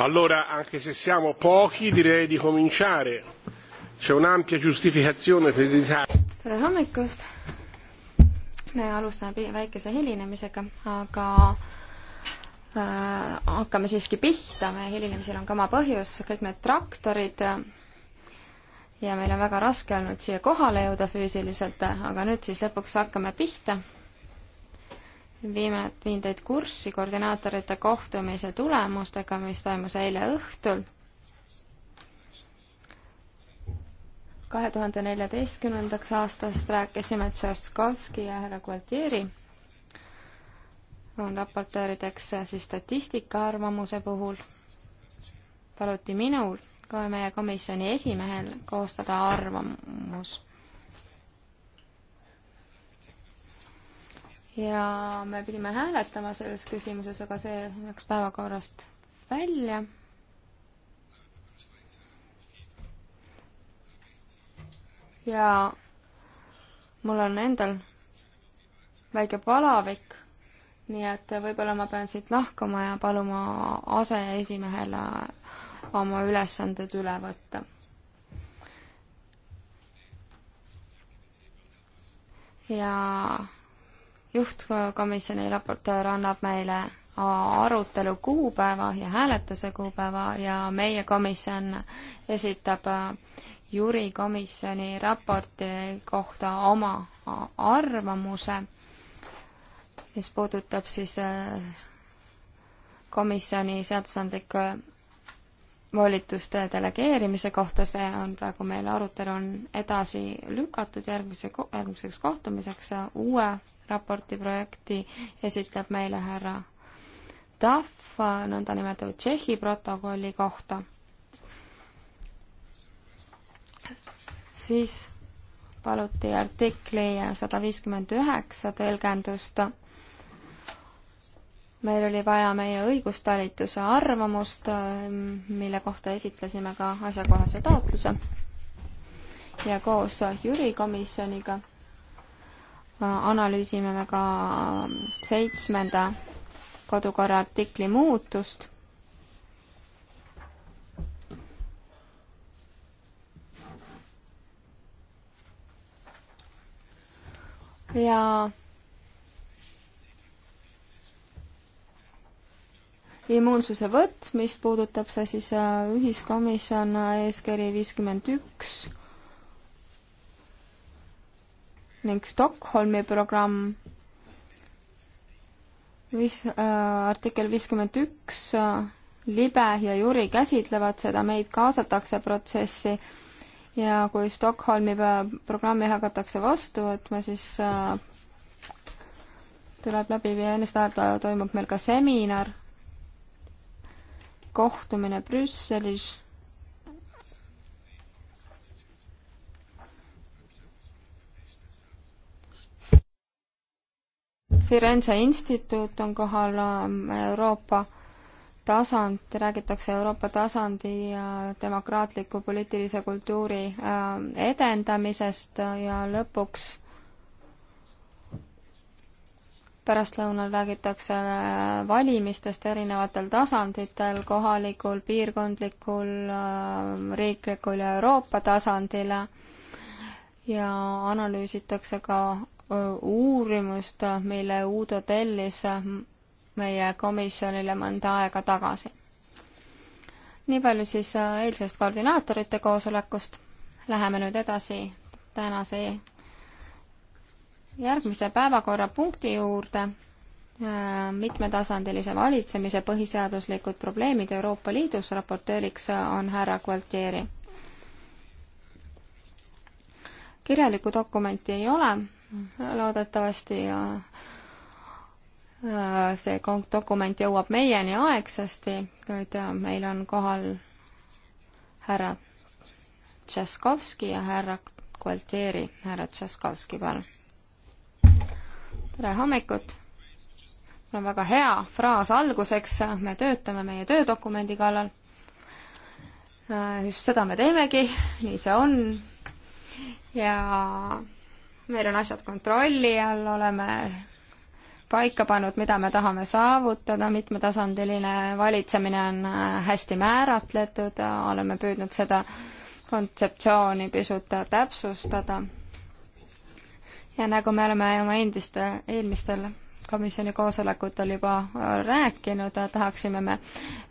Allora, anche se siamo pochi, direi di cominciare. C'è un'ampia giustificazione per l'Italia. tere hommikust! me alustame väikese hilinemisega, aga äh, hakkame siiski pihta, meie hilinemisel on ka oma põhjus, kõik need traktorid ja meil on väga raske olnud siia kohale jõuda füüsiliselt, aga nüüd siis lõpuks hakkame pihta viime, viin teid kurssi koordinaatorite kohtumise tulemustega, mis toimus eile õhtul. kahe tuhande neljateistkümnendaks aastast rääkisime Tšaskovski ja härra Gualtieri on raportöörideks siis statistika arvamuse puhul. paluti minul, meie komisjoni esimehel, koostada arvamus ja me pidime hääletama selles küsimuses, aga see läks päevakorrast välja. ja mul on endal väike palavik, nii et võib-olla ma pean siit lahkuma ja paluma aseesimehele oma ülesanded üle võtta. ja juhtkomisjoni raportöör annab meile arutelu kuupäeva ja hääletuse kuupäeva ja meie komisjon esitab juri komisjoni raporti kohta oma arvamuse, mis puudutab siis äh, komisjoni seadusandlikku volituste delegeerimise kohta, see on praegu meil arutelu on edasi lükatud järgmise, järgmiseks kohtumiseks ja uue raporti projekti esitleb meile härra Tahv nõndanimetatud Tšehhi protokolli kohta. siis paluti artikli sada viiskümmend üheksa tõlgendust meil oli vaja meie õigustalituse arvamust, ähm, mille kohta esitlesime ka asjakohase taotluse ja koos Jüri komisjoniga äh, analüüsime me ka ähm, seitsmenda kodukorra artikli muutust. ja immuunsuse võtmist puudutab see siis äh, ühiskomisjon äh, eeskiri viiskümmend üks ning Stockholmi programm viis äh,, artikkel viiskümmend üks äh, libe ja juri käsitlevad seda, meid kaasatakse protsessi ja kui Stockholmi programmi hakatakse vastu võtma, siis äh, tuleb läbi viia, enne seda toimub meil ka seminar kohtumine Brüsselis. Firenze instituut on kohal Euroopa tasand, räägitakse Euroopa tasandi ja demokraatliku poliitilise kultuuri äh, edendamisest ja lõpuks pärastlõunal räägitakse äh, valimistest erinevatel tasanditel, kohalikul, piirkondlikul, äh, riiklikul ja Euroopa tasandil ja analüüsitakse ka äh, uurimust, mille Uudo tellis meie komisjonile mõnda aega tagasi. nii palju siis eilsest koordinaatorite koosolekust. Läheme nüüd edasi tänase järgmise päevakorrapunkti juurde, äh, mitmetasandilise valitsemise põhiseaduslikud probleemid Euroopa Liidus, raportööriks on härra Gualtieri. kirjalikku dokumenti ei ole, loodetavasti äh, äh, see dokument jõuab meieni aegsasti, kuid meil on kohal härra Tšaskovski ja härra Gualtieri, härra Tšaskovski, palun tere hommikut! mul on väga hea fraas alguseks, me töötame meie töödokumendi kallal. Äh, just seda me teemegi, nii see on. ja meil on asjad kontrolli all, oleme paika pannud, mida me tahame saavutada, mitmetasandiline valitsemine on äh, hästi määratletud, oleme püüdnud seda kontseptsiooni pisut täpsustada ja nagu me oleme oma endiste, eelmistel komisjoni koosolekutel juba äh, rääkinud, äh, tahaksime me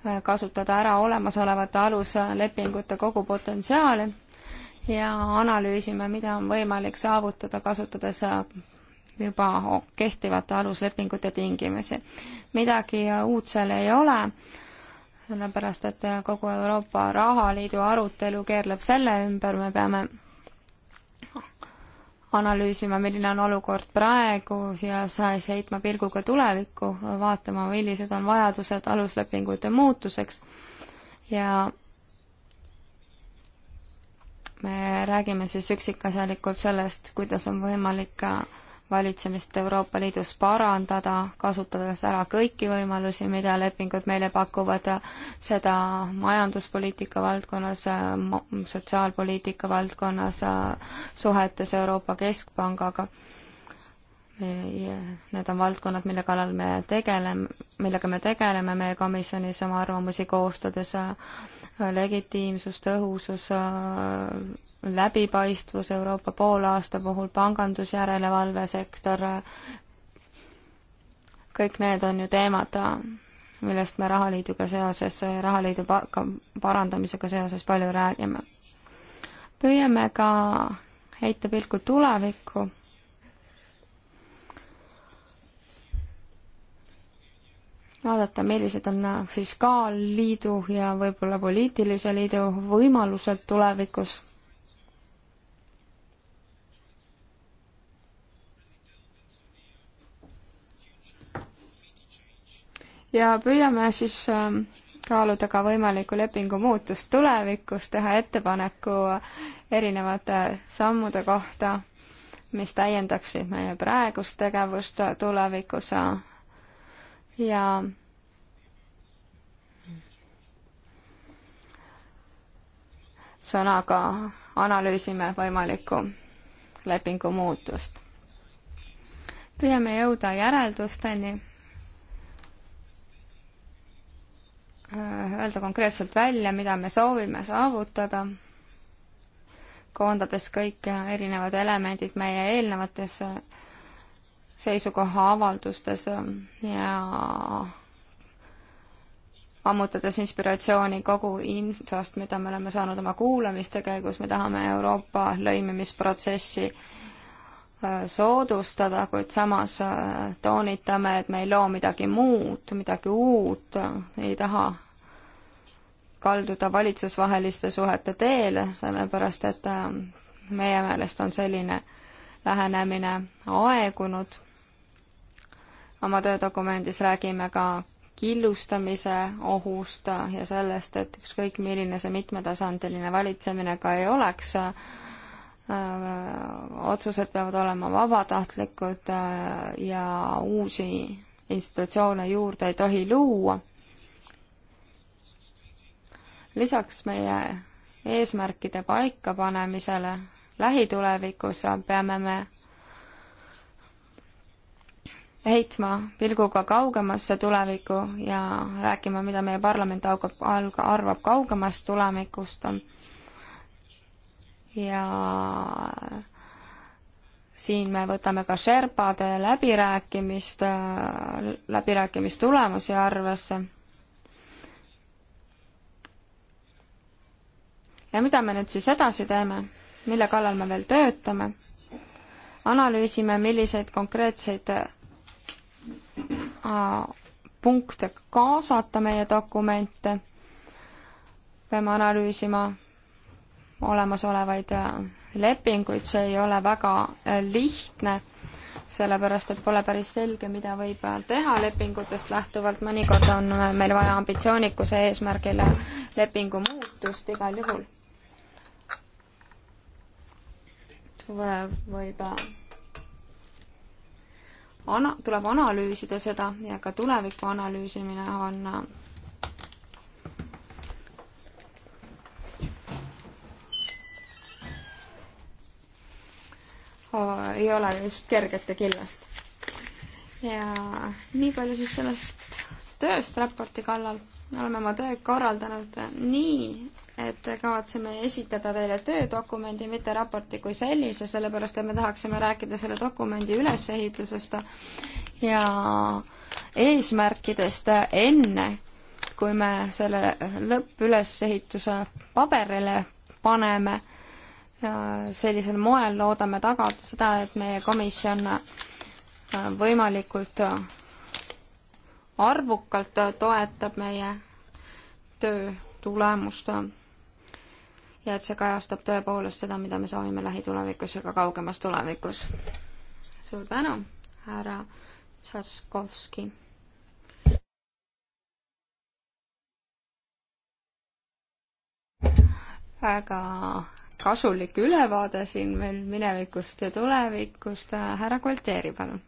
äh, kasutada ära olemasolevate aluslepingute kogu potentsiaali ja analüüsime, mida on võimalik saavutada, kasutades juba kehtivate aluslepingute tingimusi. midagi uut seal ei ole, sellepärast et kogu Euroopa Rahaliidu arutelu keerleb selle ümber, me peame analüüsima, milline on olukord praegu ja siis heitma pilguga tulevikku, vaatama, millised on vajadused aluslepingute muutuseks ja me räägime siis üksikasjalikult sellest, kuidas on võimalik valitsemist Euroopa Liidus parandada, kasutades ära kõiki võimalusi, mida lepingud meile pakuvad, seda majanduspoliitika valdkonnas, sotsiaalpoliitika valdkonnas, suhetes Euroopa Keskpangaga. Need on valdkonnad, mille kallal me tegeleme, millega me tegeleme meie komisjonis oma arvamusi koostades legitiimsus, tõhusus, äh, läbipaistvus Euroopa poolaasta puhul, pangandusjärelevalve sektor, kõik need on ju teemad, millest me Rahaliiduga seoses, Rahaliidu parandamisega seoses palju räägime. püüame ka heita pilku tulevikku vaadata, millised on äh, fiskaalliidu ja võib-olla poliitilise liidu võimalused tulevikus. ja püüame siis ähm, kaaluda ka võimalikku lepingu muutust tulevikus, teha ettepaneku erinevate sammude kohta, mis täiendaksid meie praegust tegevust tulevikus äh, ja sõnaga analüüsime võimalikku lepingu muutust. püüame jõuda järeldusteni, öelda konkreetselt välja, mida me soovime saavutada, koondades kõik erinevad elemendid meie eelnevates seisukohaavaldustes ähm, ja ammutades inspiratsiooni kogu infost, mida me oleme saanud oma kuulamiste käigus, me tahame Euroopa lõimimisprotsessi äh, soodustada, kuid samas äh, toonitame, et me ei loo midagi muud, midagi uut, äh, ei taha kalduda valitsusvaheliste suhete teele, sellepärast et meie meelest on selline lähenemine aegunud oma töödokumendis räägime ka killustamise ohust ja sellest, et ükskõik, milline see mitmetasandiline valitsemine ka ei oleks, äh, otsused peavad olema vabatahtlikud äh, ja uusi institutsioone juurde ei tohi luua. lisaks meie eesmärkide paikapanemisele lähitulevikus peame me heitma pilguga kaugemasse tulevikku ja rääkima, mida meie parlament arvab kaugemast tulevikust. ja siin me võtame ka Sherbade läbirääkimist, läbirääkimistulemusi arvesse. ja mida me nüüd siis edasi teeme, mille kallal me veel töötame? analüüsime, milliseid konkreetseid punkte kaasata meie dokumente, peame analüüsima olemasolevaid äh, lepinguid, see ei ole väga äh, lihtne, sellepärast et pole päris selge, mida võib äh, teha lepingutest lähtuvalt, mõnikord on meil vaja ambitsioonikuse eesmärgil lepingu muutust igal juhul. võib ana-, tuleb analüüsida seda ja ka tuleviku analüüsimine on oh, ei ole just kergete killast. ja nii palju siis sellest tööst raporti kallal. oleme oma tööd korraldanud nii, et kavatseme esitada teile töödokumendi, mitte raporti kui sellise, sellepärast et me tahaksime rääkida selle dokumendi ülesehitusest ja eesmärkidest enne, kui me selle lõppülesehituse paberile paneme. sellisel moel loodame tagada seda, et meie komisjon võimalikult arvukalt toetab meie töö tulemust ja et see kajastab tõepoolest seda, mida me soovime lähitulevikus ja ka kaugemas tulevikus. suur tänu, härra Saskovski. väga kasulik ülevaade siin meil minevikust ja tulevikust. härra Kolteeri, palun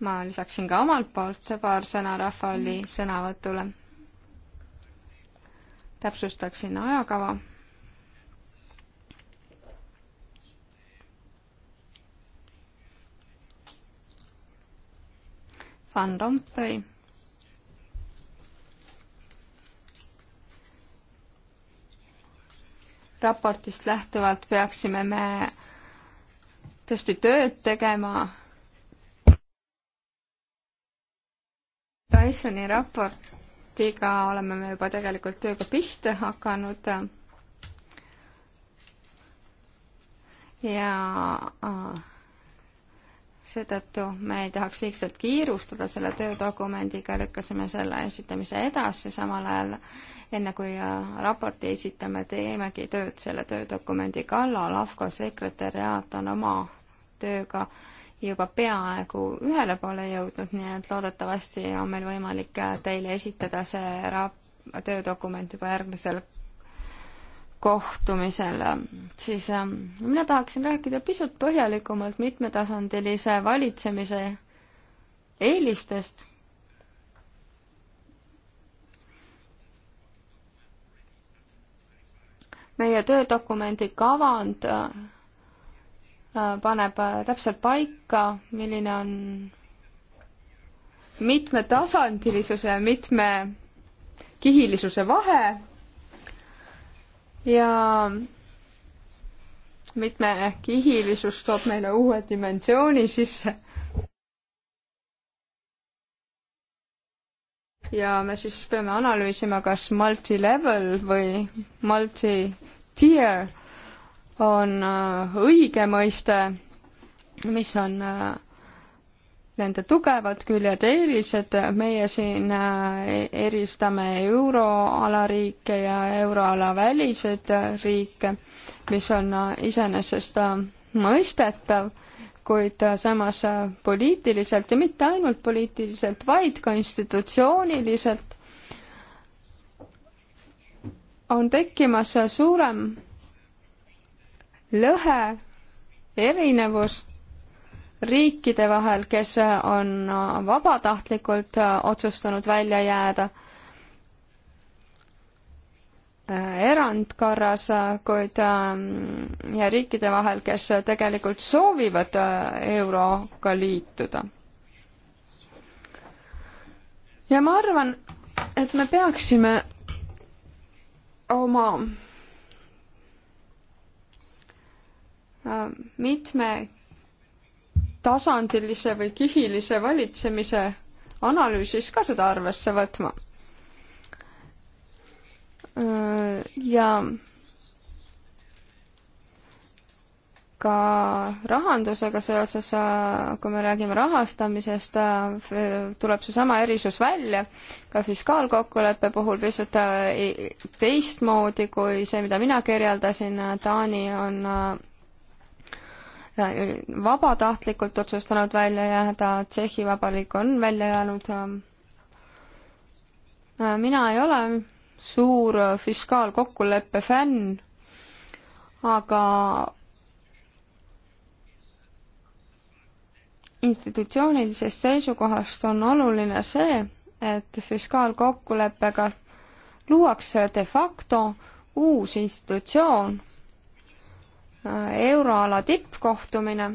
ma lisaksin ka omalt poolt paar sõna Rafali sõnavõtule. täpsustaksin ajakava. Van Rompuy raportist lähtuvalt peaksime me tõesti tööd tegema Tyssoni raportiga oleme me juba tegelikult tööga pihta hakanud. ja äh, seetõttu me ei tahaks liigselt kiirustada selle töödokumendiga, lükkasime selle esitamise edasi, samal ajal enne kui äh, raporti esitame, teemegi tööd selle töödokumendi kallal, AFCO sekretäriaat on oma tööga äh, juba peaaegu ühele poole jõudnud, nii et loodetavasti on meil võimalik äh, teile esitada see rap-, töödokument juba järgmisel kohtumisel, siis äh, mina tahaksin rääkida pisut põhjalikumalt mitmetasandilise valitsemise eelistest meie töödokumendi kavand äh, Äh, paneb äh, täpselt paika, milline on mitmetasandilisuse ja mitmekihilisuse vahe ja mitmekihilisus toob meile uue dimensiooni sisse. ja me siis peame analüüsima, kas multi-level või multi-tier on äh, õige mõiste, mis on äh, nende tugevad küljed, eelised, meie siin äh, eristame euroala riike ja euroala väliseid riike, mis on iseenesest mõistetav, kuid samas poliitiliselt ja mitte ainult poliitiliselt, vaid ka institutsiooniliselt on tekkimas suurem lõhe, erinevus riikide vahel, kes on vabatahtlikult otsustanud välja jääda erandkorras, kuid ähm, ja riikide vahel, kes tegelikult soovivad äh, euroga liituda. ja ma arvan, et me peaksime oma Äh, mitmetasandilise või kihilise valitsemise analüüsis ka seda arvesse võtma. Äh, ja ka rahandusega seoses, äh, kui me räägime rahastamisest, tuleb seesama erisus välja, ka fiskaalkokkuleppe puhul pisut teistmoodi kui see, mida mina kirjeldasin, Taani on vabatahtlikult otsustanud välja jääda, Tšehhi Vabariik on välja jäänud. mina ei ole suur fiskaalkokkuleppe fänn, aga institutsioonilisest seisukohast on oluline see, et fiskaalkokkuleppega luuakse de facto uus institutsioon Äh, euroala tippkohtumine.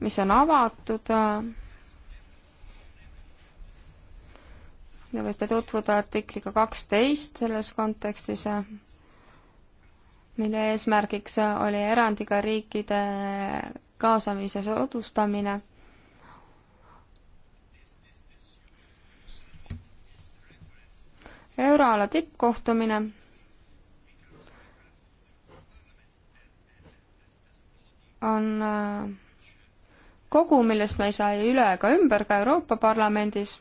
mis on avatud. Te äh, võite tutvuda artikliga kaksteist selles kontekstis, äh, mille eesmärgiks oli erandiga riikide kaasamise soodustamine euroala tippkohtumine on äh, kogu, millest me ei saa ei üle ega ümber ka Euroopa Parlamendis.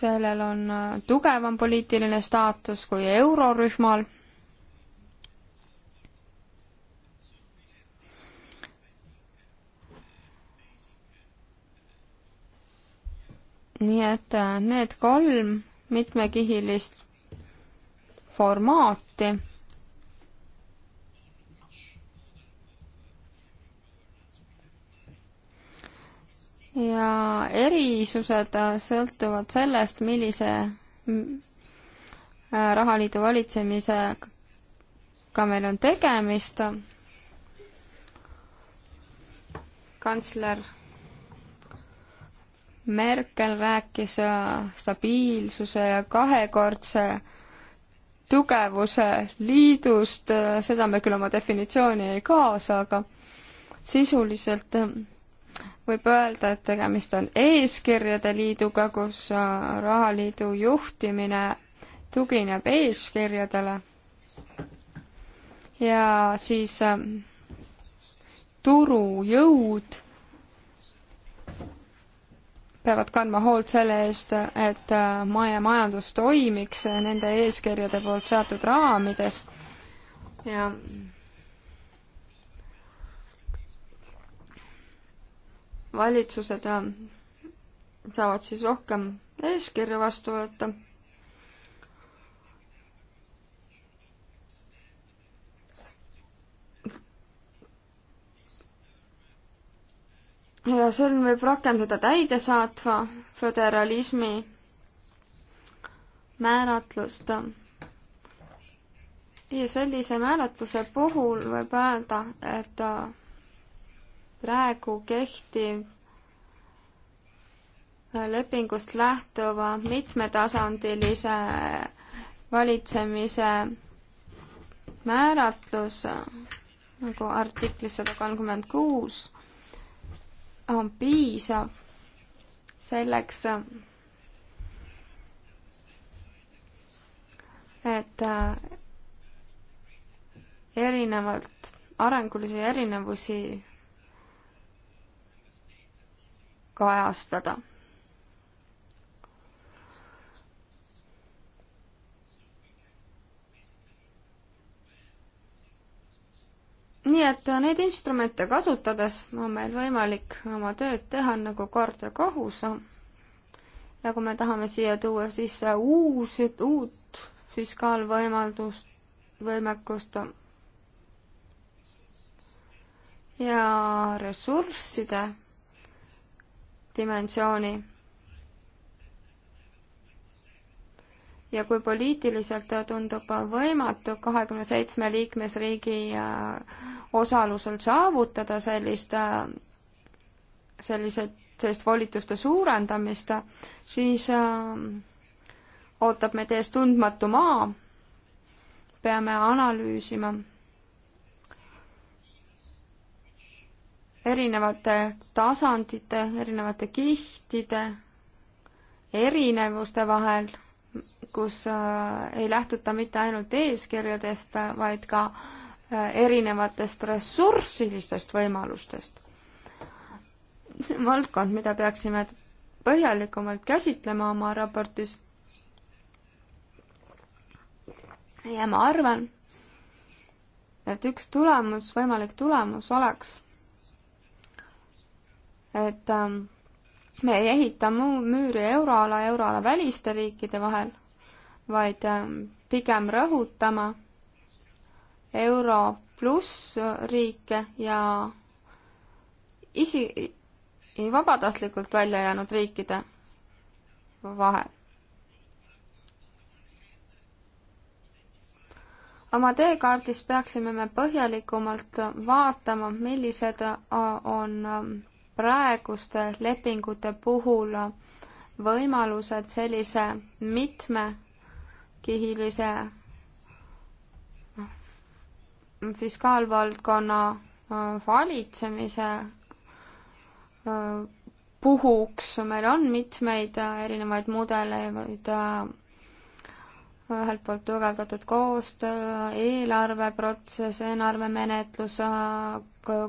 sellel on äh, tugevam poliitiline staatus kui eurorühmal. nii et äh, need kolm mitmekihilist formaati ja erisused äh, sõltuvad sellest, millise äh, rahaliidu valitsemisega meil on tegemist. kantsler Merkel rääkis äh, stabiilsuse ja kahekordse tugevuse liidust, äh, seda me küll oma definitsiooni ei kaasa, aga sisuliselt äh, võib öelda, et tegemist on eeskirjade liiduga, kus rahaliidu juhtimine tugineb eeskirjadele. ja siis turujõud peavad kandma hoolt selle eest, et äh, maja majandus toimiks nende eeskirjade poolt seatud raamides ja valitsused äh, saavad siis rohkem eeskirju vastu võtta ja sel võib rakendada täidesaatva föderalismi määratlust. ja sellise määratluse puhul võib öelda, et praegu kehtiv lepingust lähtuva mitmetasandilise valitsemise määratlus nagu artiklis sada kolmkümmend kuus on piisav selleks, et äh, erinevalt arengulisi erinevusi kajastada nii et neid instrumente kasutades on meil võimalik oma tööd teha nagu kord ja kohus. ja kui me tahame siia tuua sisse uusi, uut fiskaalvõimaldust, võimekust ja ressursside dimensiooni ja kui poliitiliselt tundub võimatu kahekümne seitsme liikmesriigi äh, osalusel saavutada sellist, äh, sellised, sellist volituste suurendamist, siis äh, ootab meid ees tundmatu maa. peame analüüsima erinevate tasandite, erinevate kihtide erinevuste vahel kus äh, ei lähtuta mitte ainult eeskirjadest, äh, vaid ka äh, erinevatest ressurssilistest võimalustest. see on valdkond, mida peaksime põhjalikumalt käsitlema oma raportis. ja ma arvan, et üks tulemus, võimalik tulemus oleks, et ähm, me ei ehita müüri euroala, euroala väliste riikide vahel, vaid ähm, pigem rõhutama euro pluss riike ja isi, vabatahtlikult välja jäänud riikide vahel. oma teekaardis peaksime me põhjalikumalt vaatama, millised äh, on ähm, praeguste lepingute puhul võimalused sellise mitmekihilise fiskaalvaldkonna äh, valitsemise äh, puhuks, meil on mitmeid äh, erinevaid mudeleid ühelt poolt tugevdatud koostöö, eelarveprotsess, eelarvemenetlus, äh,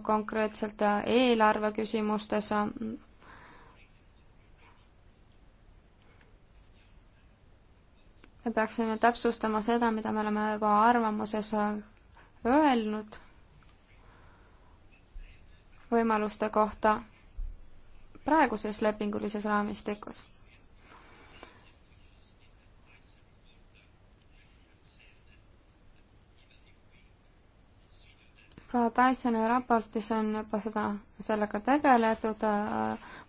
konkreetselt äh, eelarve küsimustes. Äh, me peaksime täpsustama seda, mida me oleme juba arvamuses öelnud võimaluste kohta praeguses lepingulises raamistikus proua Tysoni raportis on juba seda, sellega tegeletud,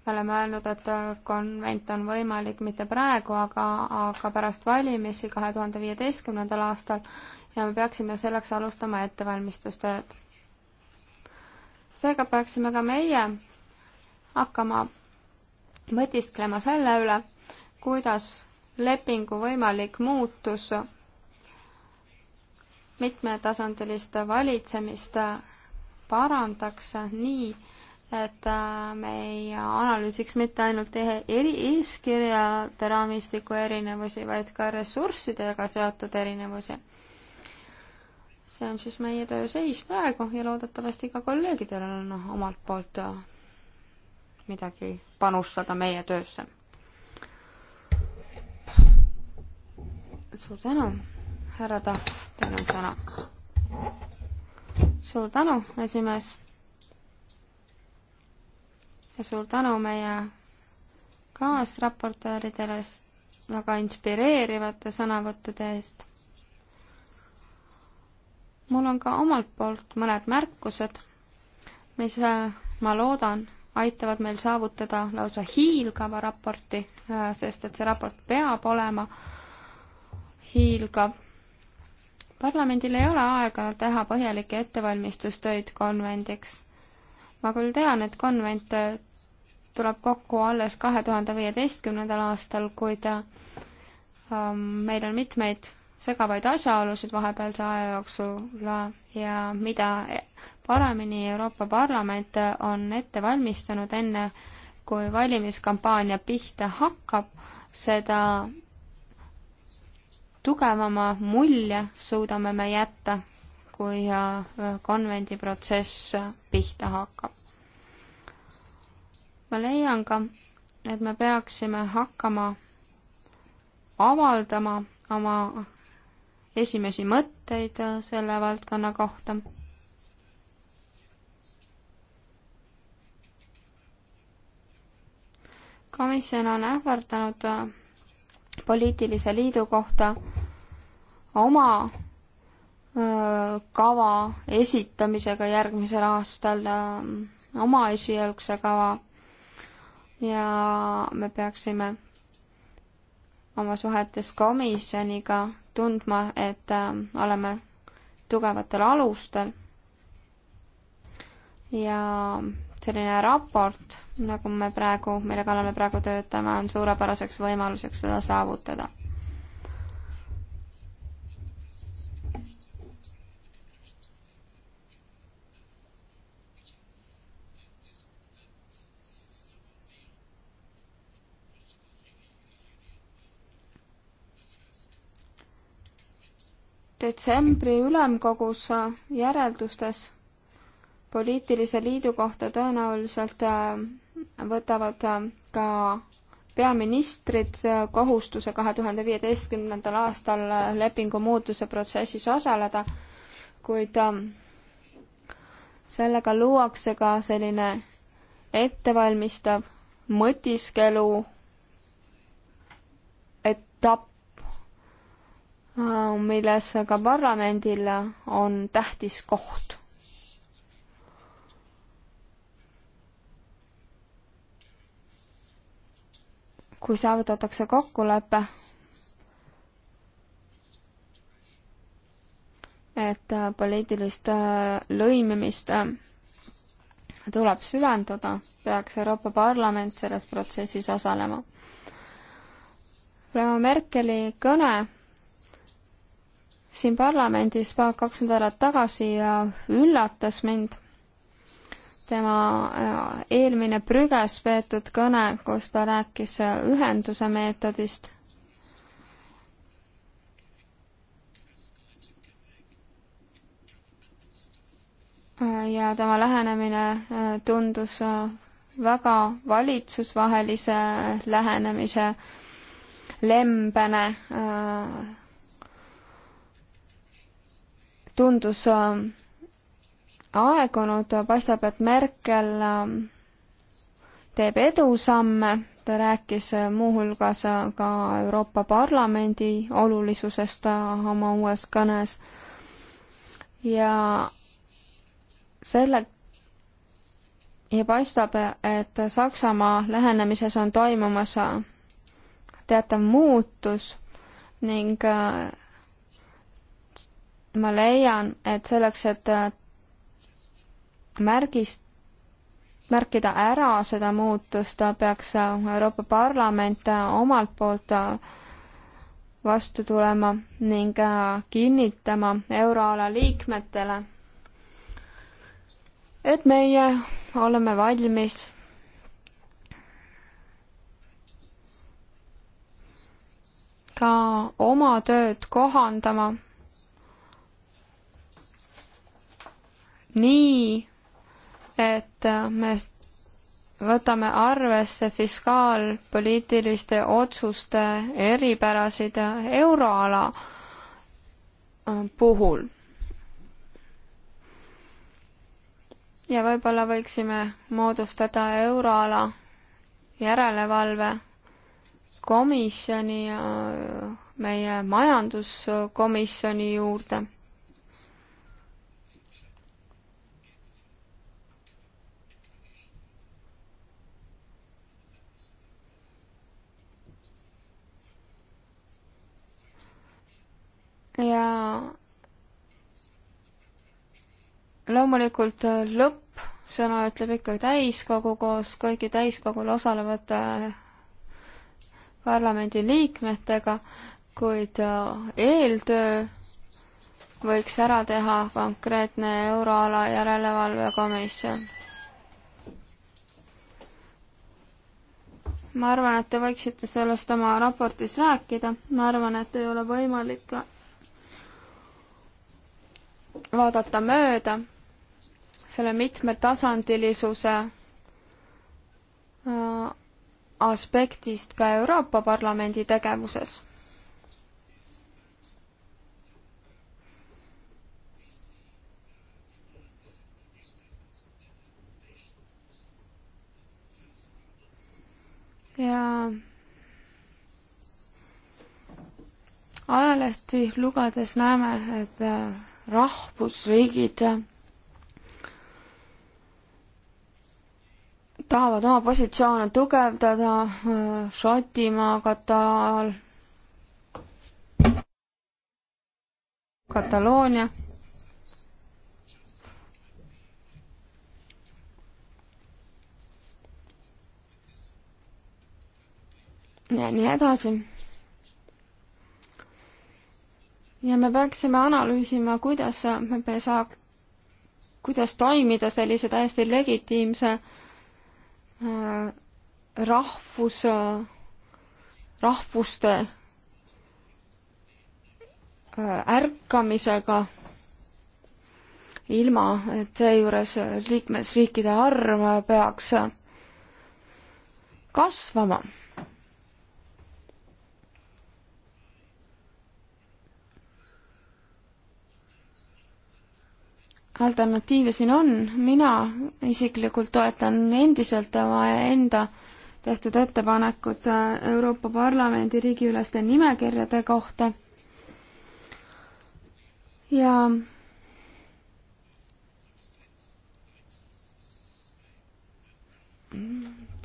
me oleme öelnud, et konvent on võimalik mitte praegu, aga, aga pärast valimisi kahe tuhande viieteistkümnendal aastal ja me peaksime selleks alustama ettevalmistustööd. seega peaksime ka meie hakkama mõtisklema selle üle, kuidas lepingu võimalik muutus mitmetasandilist valitsemist parandaks nii, et me ei analüüsiks mitte ainult e-, eri, eeskirjade raamistiku erinevusi, vaid ka ressurssidega seotud erinevusi. see on siis meie töö seis praegu ja loodetavasti ka kolleegidel on omalt poolt midagi panustada meie töösse. suur tänu! härra Tahv, teil on sõna. suur tänu, esimees. ja suur tänu meie kaasraportööridele väga inspireerivate sõnavõttude eest. mul on ka omalt poolt mõned märkused, mis äh, ma loodan, aitavad meil saavutada lausa hiilgava raporti, äh, sest et see raport peab olema hiilgav parlamendil ei ole aega teha põhjalikke ettevalmistustöid konvendiks. ma küll tean, et konvent tuleb kokku alles kahe tuhande viieteistkümnendal aastal, kuid ähm, meil on mitmeid segavaid asjaolusid vahepealse aja jooksul ja mida paremini Euroopa Parlament on ette valmistunud enne, kui valimiskampaania pihta hakkab, seda tugevama mulje suudame me jätta, kui äh, konvendi protsess pihta hakkab. ma leian ka, et me peaksime hakkama avaldama oma esimesi mõtteid äh, selle valdkonna kohta. komisjon on ähvardanud äh, poliitilise liidu kohta oma kava esitamisega järgmisel aastal, oma esialgse kava ja me peaksime oma suhetes komisjoniga tundma, et oleme tugevatel alustel ja selline raport, nagu me praegu, mille kallal me praegu töötame, on suurepäraseks võimaluseks seda saavutada. detsembri ülemkogus järeldustes poliitilise liidu kohta tõenäoliselt äh, võtavad äh, ka peaministrid äh, kohustuse kahe tuhande viieteistkümnendal aastal lepingu muutuse protsessis osaleda, kuid sellega luuakse ka selline ettevalmistav mõtiskelu etapp, milles ka parlamendil on tähtis koht kui saavutatakse kokkulepe, et äh, poliitilist äh, lõimimist äh, tuleb süvendada, peaks Euroopa Parlament selles protsessis osalema. Prima Merkeli kõne siin parlamendis paar-kaks nädalat tagasi ja üllatas mind tema äh, eelmine prüges peetud kõne, kus ta rääkis äh, ühenduse meetodist. Äh, ja tema lähenemine tundus väga valitsusvahelise lähenemise lembene. tundus aegunud, paistab, et Merkel ähm, teeb edusamme, ta rääkis äh, muuhulgas äh, ka Euroopa Parlamendi olulisusest äh, oma uues kõnes ja selle ja paistab, et Saksamaa lähenemises on toimumas teatav muutus ning ma leian, et selleks, et märgist, märkida ära seda muutust, peaks Euroopa Parlament omalt poolt vastu tulema ning kinnitama euroala liikmetele, et meie oleme valmis ka oma tööd kohandama nii et me võtame arvesse fiskaalpoliitiliste otsuste eripärasid euroala äh, puhul. ja võib-olla võiksime moodustada euroala järelevalve komisjoni ja äh, meie majanduskomisjoni juurde ja loomulikult lõppsõna ütleb ikka täiskogu koos kõigi täiskogul osalevate äh, parlamendi liikmetega, kuid äh, eeltöö võiks ära teha konkreetne euroala järelevalvekomisjon. ma arvan, et te võiksite sellest oma raportis rääkida, ma arvan, et ei ole võimalik vaadata mööda selle mitmetasandilisuse äh, aspektist ka Euroopa Parlamendi tegevuses. ja ajalehti lugedes näeme, et äh, rahvusriigid tahavad oma positsioone tugevdada Šotimaa, Katal-, Kataloonia. ja nii edasi ja me peaksime analüüsima, kuidas me saab, kuidas toimida sellise täiesti legitiimse äh, rahvus, äh, rahvuste äh, ärkamisega, ilma et seejuures liikmesriikide arv peaks kasvama alternatiive siin on, mina isiklikult toetan endiselt omaenda tehtud ettepanekut Euroopa Parlamendi riigiüleste nimekirjade kohta ja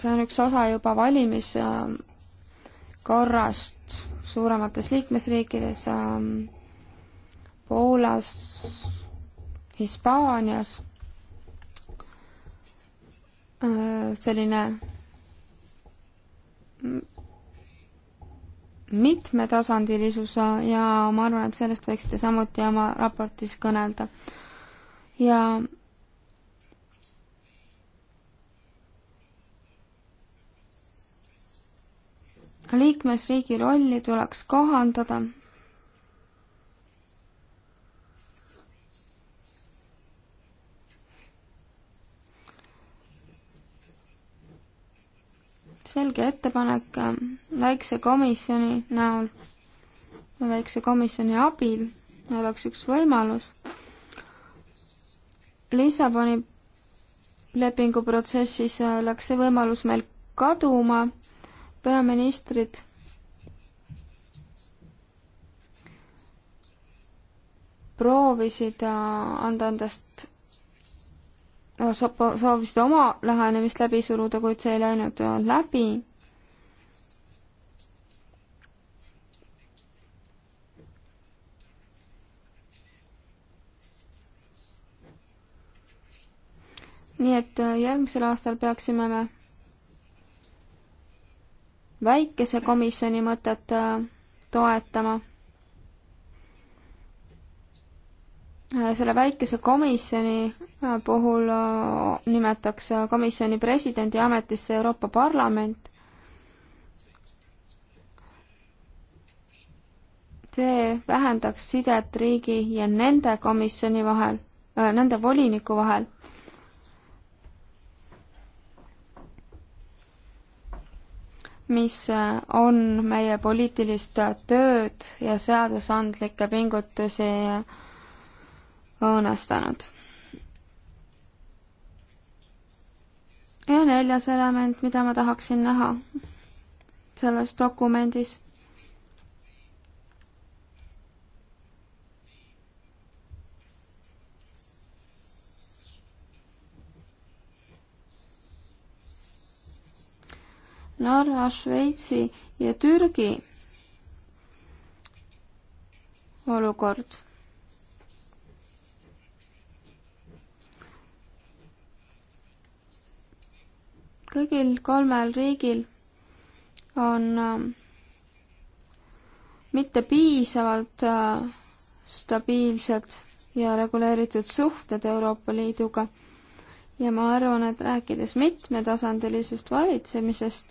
see on üks osa juba valimiskorrast suuremates liikmesriikides, Poolas, Hispaanias äh, selline mitmetasandilisuse ja ma arvan, et sellest võiksite samuti oma raportis kõnelda. ja liikmesriigi rolli tuleks kohandada selge ettepanek äh, väikse komisjoni näol, väikse komisjoni abil oleks üks võimalus. Lissaboni lepinguprotsessis äh, läks see võimalus meil kaduma, peaministrid proovisid äh, anda endast soovisid oma lähenemist läbi suruda, kuid see ei läinud äh, läbi nii et äh, järgmisel aastal peaksime me väikese komisjoni mõtet äh, toetama. Äh, selle väikese komisjoni äh, puhul äh, nimetaks komisjoni presidendi ametisse Euroopa Parlament. see vähendaks sidet riigi ja nende komisjoni vahel äh,, nende voliniku vahel. mis on meie poliitilist tööd ja seadusandlikke pingutusi äh, õõnestanud. ja neljas element, mida ma tahaksin näha selles dokumendis Norra, Šveitsi ja Türgi olukord kõigil kolmel riigil on ähm, mitte piisavalt äh, stabiilsed ja reguleeritud suhted Euroopa Liiduga ja ma arvan, et rääkides mitmetasandilisest valitsemisest,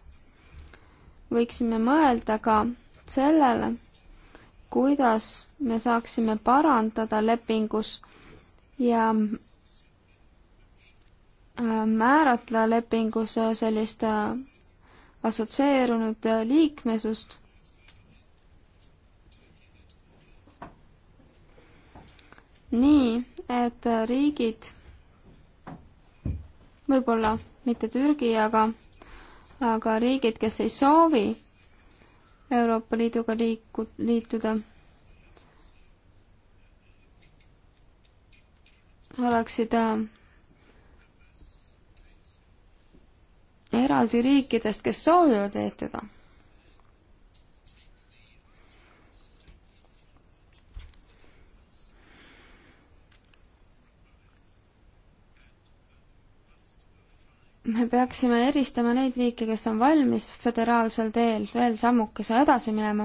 võiksime mõelda ka sellele, kuidas me saaksime parandada lepingus ja määratle lepingus äh, sellist äh, assotsieerunud äh, liikmesust. nii, et riigid, võib-olla mitte Türgi, aga, aga riigid, kes ei soovi Euroopa Liiduga liiku-, liituda, oleksid äh, eraldi riikidest, kes soovivad liituda. me peaksime eristama neid riike, kes on valmis föderaalsel teel veel sammukese edasi minema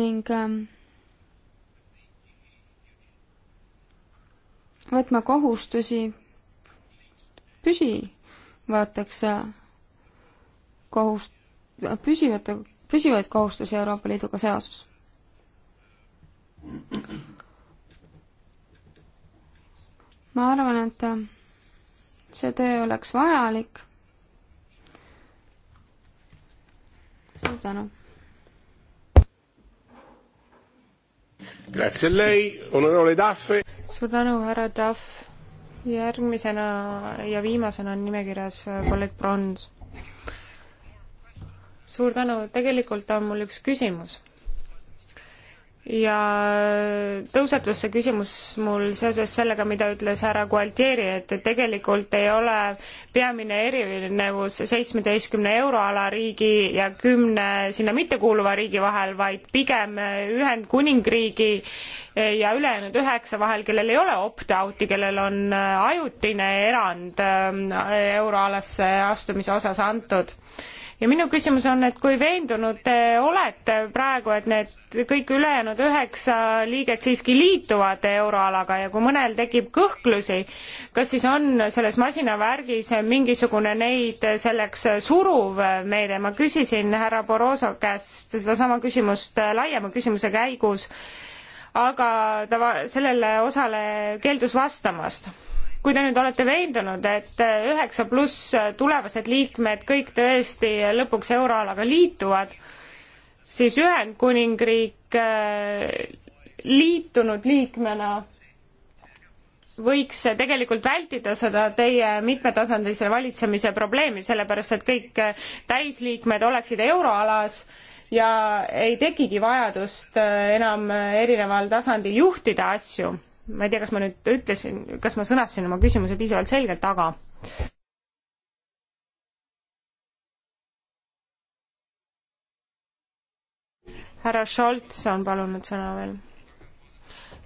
ning ähm, võtma kohustusi püsivateks äh, kohust-, püsivate, püsivaid kohustusi Euroopa Liiduga seoses. ma arvan, et äh, see töö oleks vajalik. suur tänu. suur tänu, härra Duff järgmisena ja viimasena on nimekirjas äh, kolleeg Brons. suur tänu, tegelikult on mul üks küsimus ja tõusetus see küsimus mul seoses sellega, mida ütles härra Gualtieri, et tegelikult ei ole peamine erinevus seitsmeteistkümne euroala riigi ja kümne sinna mittekuuluva riigi vahel, vaid pigem Ühendkuningriigi ja ülejäänud üheksa vahel, kellel ei ole opt-out'i, kellel on ajutine erand ähm, euroalasse astumise osas antud ja minu küsimus on, et kui veendunud te olete praegu, et need kõik ülejäänud üheksa liiget siiski liituvad euroalaga ja kui mõnel tekib kõhklusi, kas siis on selles masinavärgis mingisugune neid selleks suruv meede, ma küsisin härra Boroso käest sedasama küsimust laiema küsimuse käigus, aga ta sellele osale keeldus vastamast kui te nüüd olete veendunud, et üheksa pluss tulevased liikmed kõik tõesti lõpuks euroalaga liituvad, siis Ühendkuningriik äh, liitunud liikmena võiks tegelikult vältida seda teie mitmetasandilise valitsemise probleemi, sellepärast et kõik äh, täisliikmed oleksid euroalas ja ei tekigi vajadust äh, enam erineval tasandil juhtida asju ma ei tea, kas ma nüüd ütlesin, kas ma sõnastasin oma küsimuse piisavalt selgelt, aga härra Scholz on palunud sõna veel.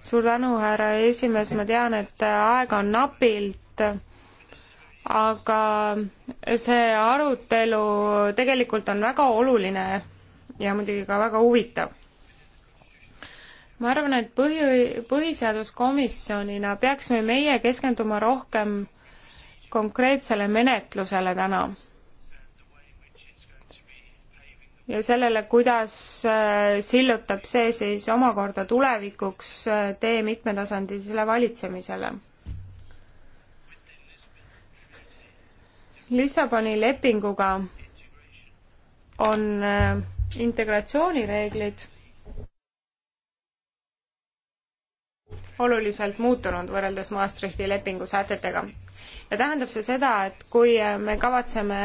suur tänu, härra esimees, ma tean, et aega on napilt, aga see arutelu tegelikult on väga oluline ja muidugi ka väga huvitav ma arvan, et põhi, põhiseaduskomisjonina peaksime meie keskenduma rohkem konkreetsele menetlusele täna. ja sellele, kuidas äh, sillutab see siis omakorda tulevikuks äh, tee mitmetasandilisele valitsemisele Lissaboni lepinguga on äh, integratsioonireeglid oluliselt muutunud võrreldes Maastrichti lepingu sätetega. ja tähendab see seda, et kui me kavatseme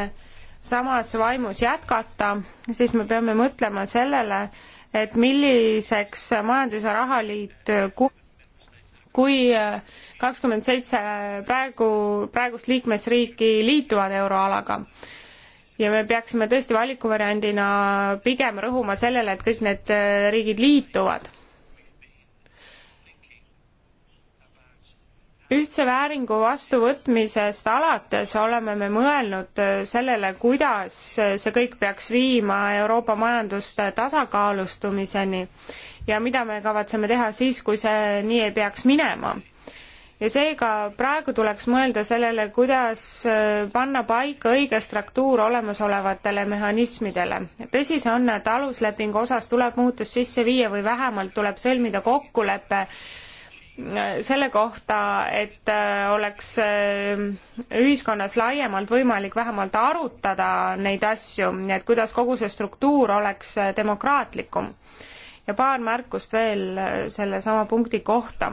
samas vaimus jätkata, siis me peame mõtlema sellele, et milliseks majandus- ja rahaliit kui kakskümmend seitse praegu, praegust liikmesriiki liituvad euroalaga ja me peaksime tõesti valikuvariandina pigem rõhuma sellele, et kõik need riigid liituvad. ühtse vääringu vastuvõtmisest alates oleme me mõelnud äh, sellele, kuidas äh, see kõik peaks viima Euroopa majanduste tasakaalustumiseni ja mida me kavatseme teha siis, kui see nii ei peaks minema. ja seega praegu tuleks mõelda sellele, kuidas äh, panna paika õige struktuur olemasolevatele mehhanismidele. tõsi see on, et aluslepingu osas tuleb muutus sisse viia või vähemalt tuleb sõlmida kokkulepe, selle kohta, et äh, oleks äh, ühiskonnas laiemalt võimalik vähemalt arutada neid asju, nii et kuidas kogu see struktuur oleks äh, demokraatlikum. ja paar märkust veel sellesama punkti kohta.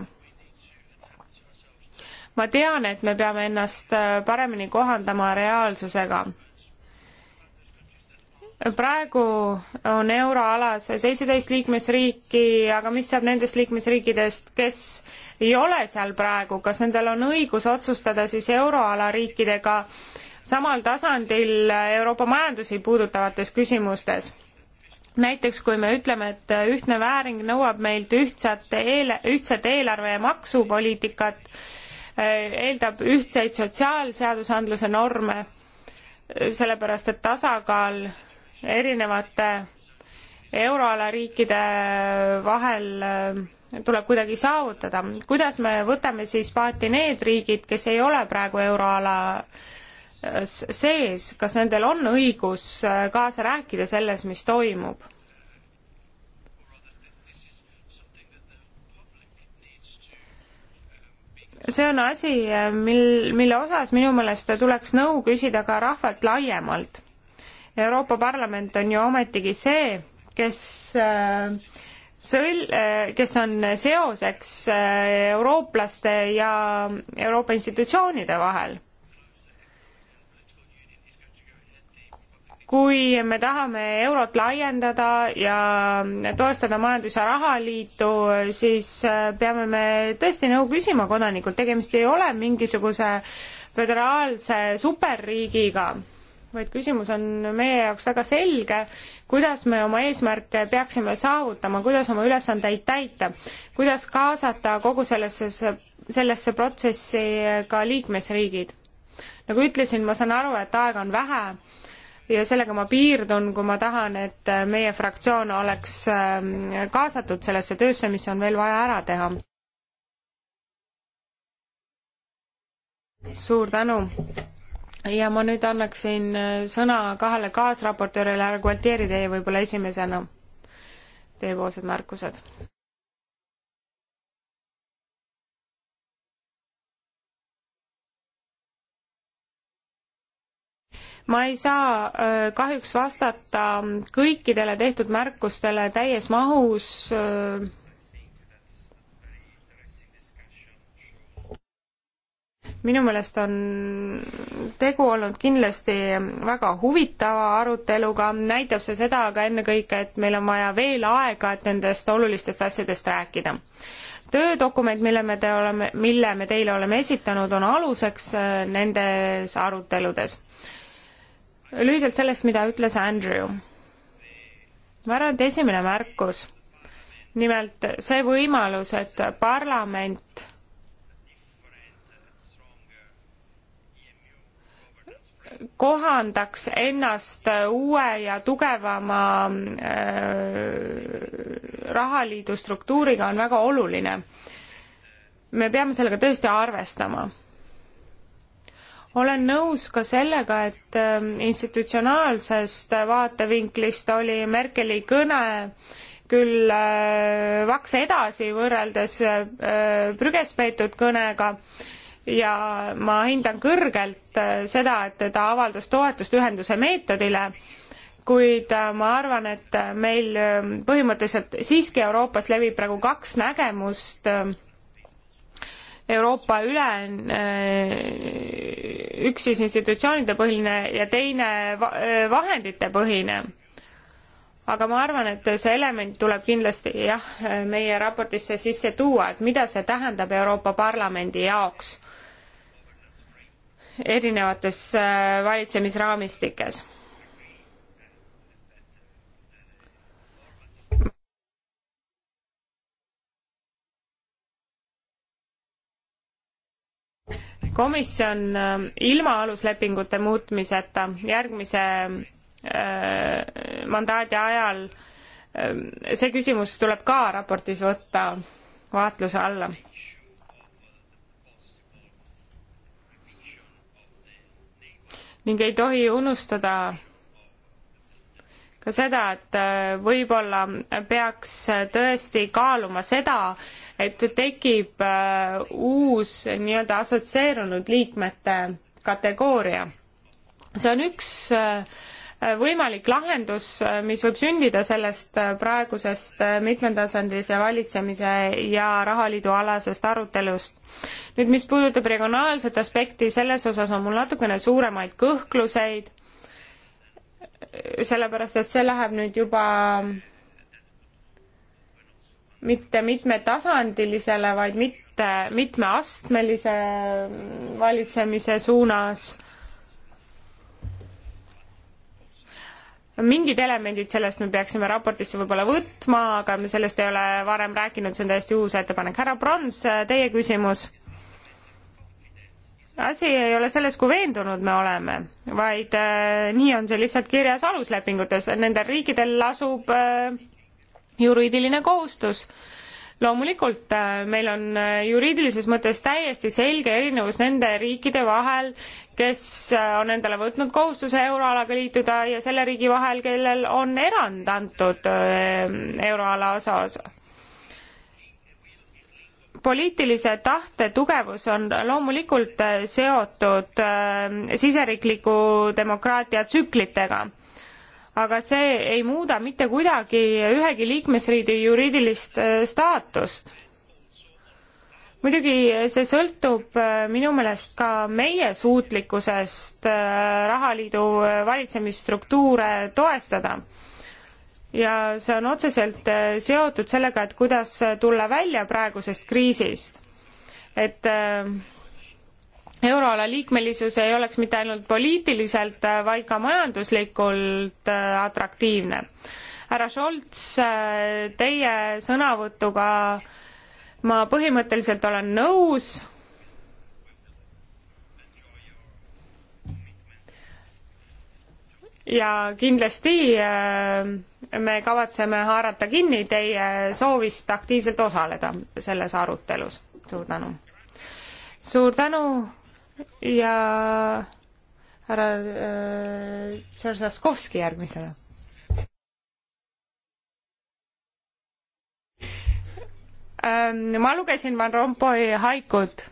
ma tean, et me peame ennast paremini kohandama reaalsusega praegu on euroalas seitseteist liikmesriiki, aga mis saab nendest liikmesriikidest, kes ei ole seal praegu, kas nendel on õigus otsustada siis euroala riikidega samal tasandil Euroopa majandusi puudutavates küsimustes? näiteks kui me ütleme, et ühtne vääring nõuab meilt ühtsat eel-, ühtset eelarve- ja maksupoliitikat, eeldab ühtseid sotsiaalseadusandluse norme, sellepärast et tasakaal erinevate euroala riikide vahel eh, tuleb kuidagi saavutada. kuidas me võtame siis paati need riigid, kes ei ole praegu euroala eh, sees, kas nendel on õigus eh, kaasa rääkida selles, mis toimub? see on asi, mil, mille osas minu meelest tuleks nõu küsida ka rahvalt laiemalt Euroopa Parlament on ju ometigi see, kes äh, sõl-, äh, kes on seoseks äh, eurooplaste ja Euroopa institutsioonide vahel. kui me tahame eurot laiendada ja toestada majandus- ja rahaliitu, siis peame me tõesti nõu küsima kodanikult, tegemist ei ole mingisuguse föderaalse superriigiga vaid küsimus on meie jaoks väga selge, kuidas me oma eesmärke peaksime saavutama, kuidas oma ülesandeid täita, kuidas kaasata kogu sellesse, sellesse protsessi ka liikmesriigid. nagu ütlesin, ma saan aru, et aega on vähe ja sellega ma piirdun, kui ma tahan, et meie fraktsioon oleks ähm, kaasatud sellesse töösse, mis on veel vaja ära teha. suur tänu! ja ma nüüd annaksin äh, sõna kahele kaasraportöörile, härra Gualtieri, teie võib-olla esimesena, teiepoolsed märkused. ma ei saa äh, kahjuks vastata kõikidele tehtud märkustele täies mahus äh, minu meelest on tegu olnud kindlasti väga huvitava aruteluga, näitab see seda aga ennekõike, et meil on vaja veel aega, et nendest olulistest asjadest rääkida. töödokument, mille me te oleme, mille me teile oleme esitanud, on aluseks äh, nendes aruteludes. lühidalt sellest, mida ütles Andrew. ma arvan, et esimene märkus, nimelt see võimalus, et parlament kohandaks ennast uue ja tugevama äh, rahaliidu struktuuriga, on väga oluline. me peame sellega tõesti arvestama olen nõus ka sellega, et äh, institutsionaalsest vaatevinklist oli Merkeli kõne küll äh, vaks edasi võrreldes prüges peetud kõnega, ja ma hindan kõrgelt äh, seda, et ta avaldas toetust ühenduse meetodile, kuid äh, ma arvan, et äh, meil ähm, põhimõtteliselt siiski Euroopas levib praegu kaks nägemust Euroopa üle üks siis institutsioonide põhine ja teine vahendite põhine. aga ma arvan, et see element tuleb kindlasti jah, meie raportisse sisse tuua, et mida see tähendab Euroopa Parlamendi jaoks erinevates äh, valitsemisraamistikes komisjon äh, ilma aluslepingute muutmiseta järgmise äh, mandaadi ajal, see küsimus tuleb ka raportis võtta vaatluse alla ning ei tohi unustada ka seda, et äh, võib-olla peaks tõesti kaaluma seda, et tekib äh, uus nii-öelda assotsieerunud liikmete kategooria. see on üks äh, võimalik lahendus, mis võib sündida sellest äh, praegusest äh, mitmetasandilise valitsemise ja rahaliidu alasest arutelust. nüüd, mis puudutab regionaalset aspekti, selles osas on mul natukene suuremaid kõhkluseid, sellepärast et see läheb nüüd juba mitte mitmetasandilisele, vaid mitte mitmeastmelise valitsemise suunas mingid elemendid sellest me peaksime raportisse võib-olla võtma, aga me sellest ei ole varem rääkinud, see on täiesti uus ettepanek. härra Prons, teie küsimus? asi ei ole selles, kui veendunud me oleme, vaid äh, nii on see lihtsalt kirjas aluslepingutes, nendel riikidel lasub äh, juriidiline kohustus äh, loomulikult äh, meil on äh, juriidilises mõttes täiesti selge erinevus nende riikide vahel, kes äh, on endale võtnud kohustuse euroalaga liituda ja selle riigi vahel, kellel on erand antud euroala osas. poliitilise tahte tugevus on loomulikult seotud siseriikliku demokraatia tsüklitega aga see ei muuda mitte kuidagi ühegi liikmesriigi juriidilist äh, staatust. muidugi see sõltub äh, minu meelest ka meie suutlikkusest äh, rahaliidu valitsemisstruktuure toestada. ja see on otseselt seotud sellega, et kuidas tulla välja praegusest kriisist. et äh, euroala liikmelisus ei oleks mitte ainult poliitiliselt, äh, vaid ka majanduslikult äh, atraktiivne. härra Scholz, äh, teie sõnavõtuga ma põhimõtteliselt olen nõus ja kindlasti me kavatseme haarata kinni teie soovist aktiivselt osaleda selles arutelus. suur tänu. suur tänu, ja härra Tšersaskovski äh, järgmisena. Ähm, ma lugesin Van Rompuy haikut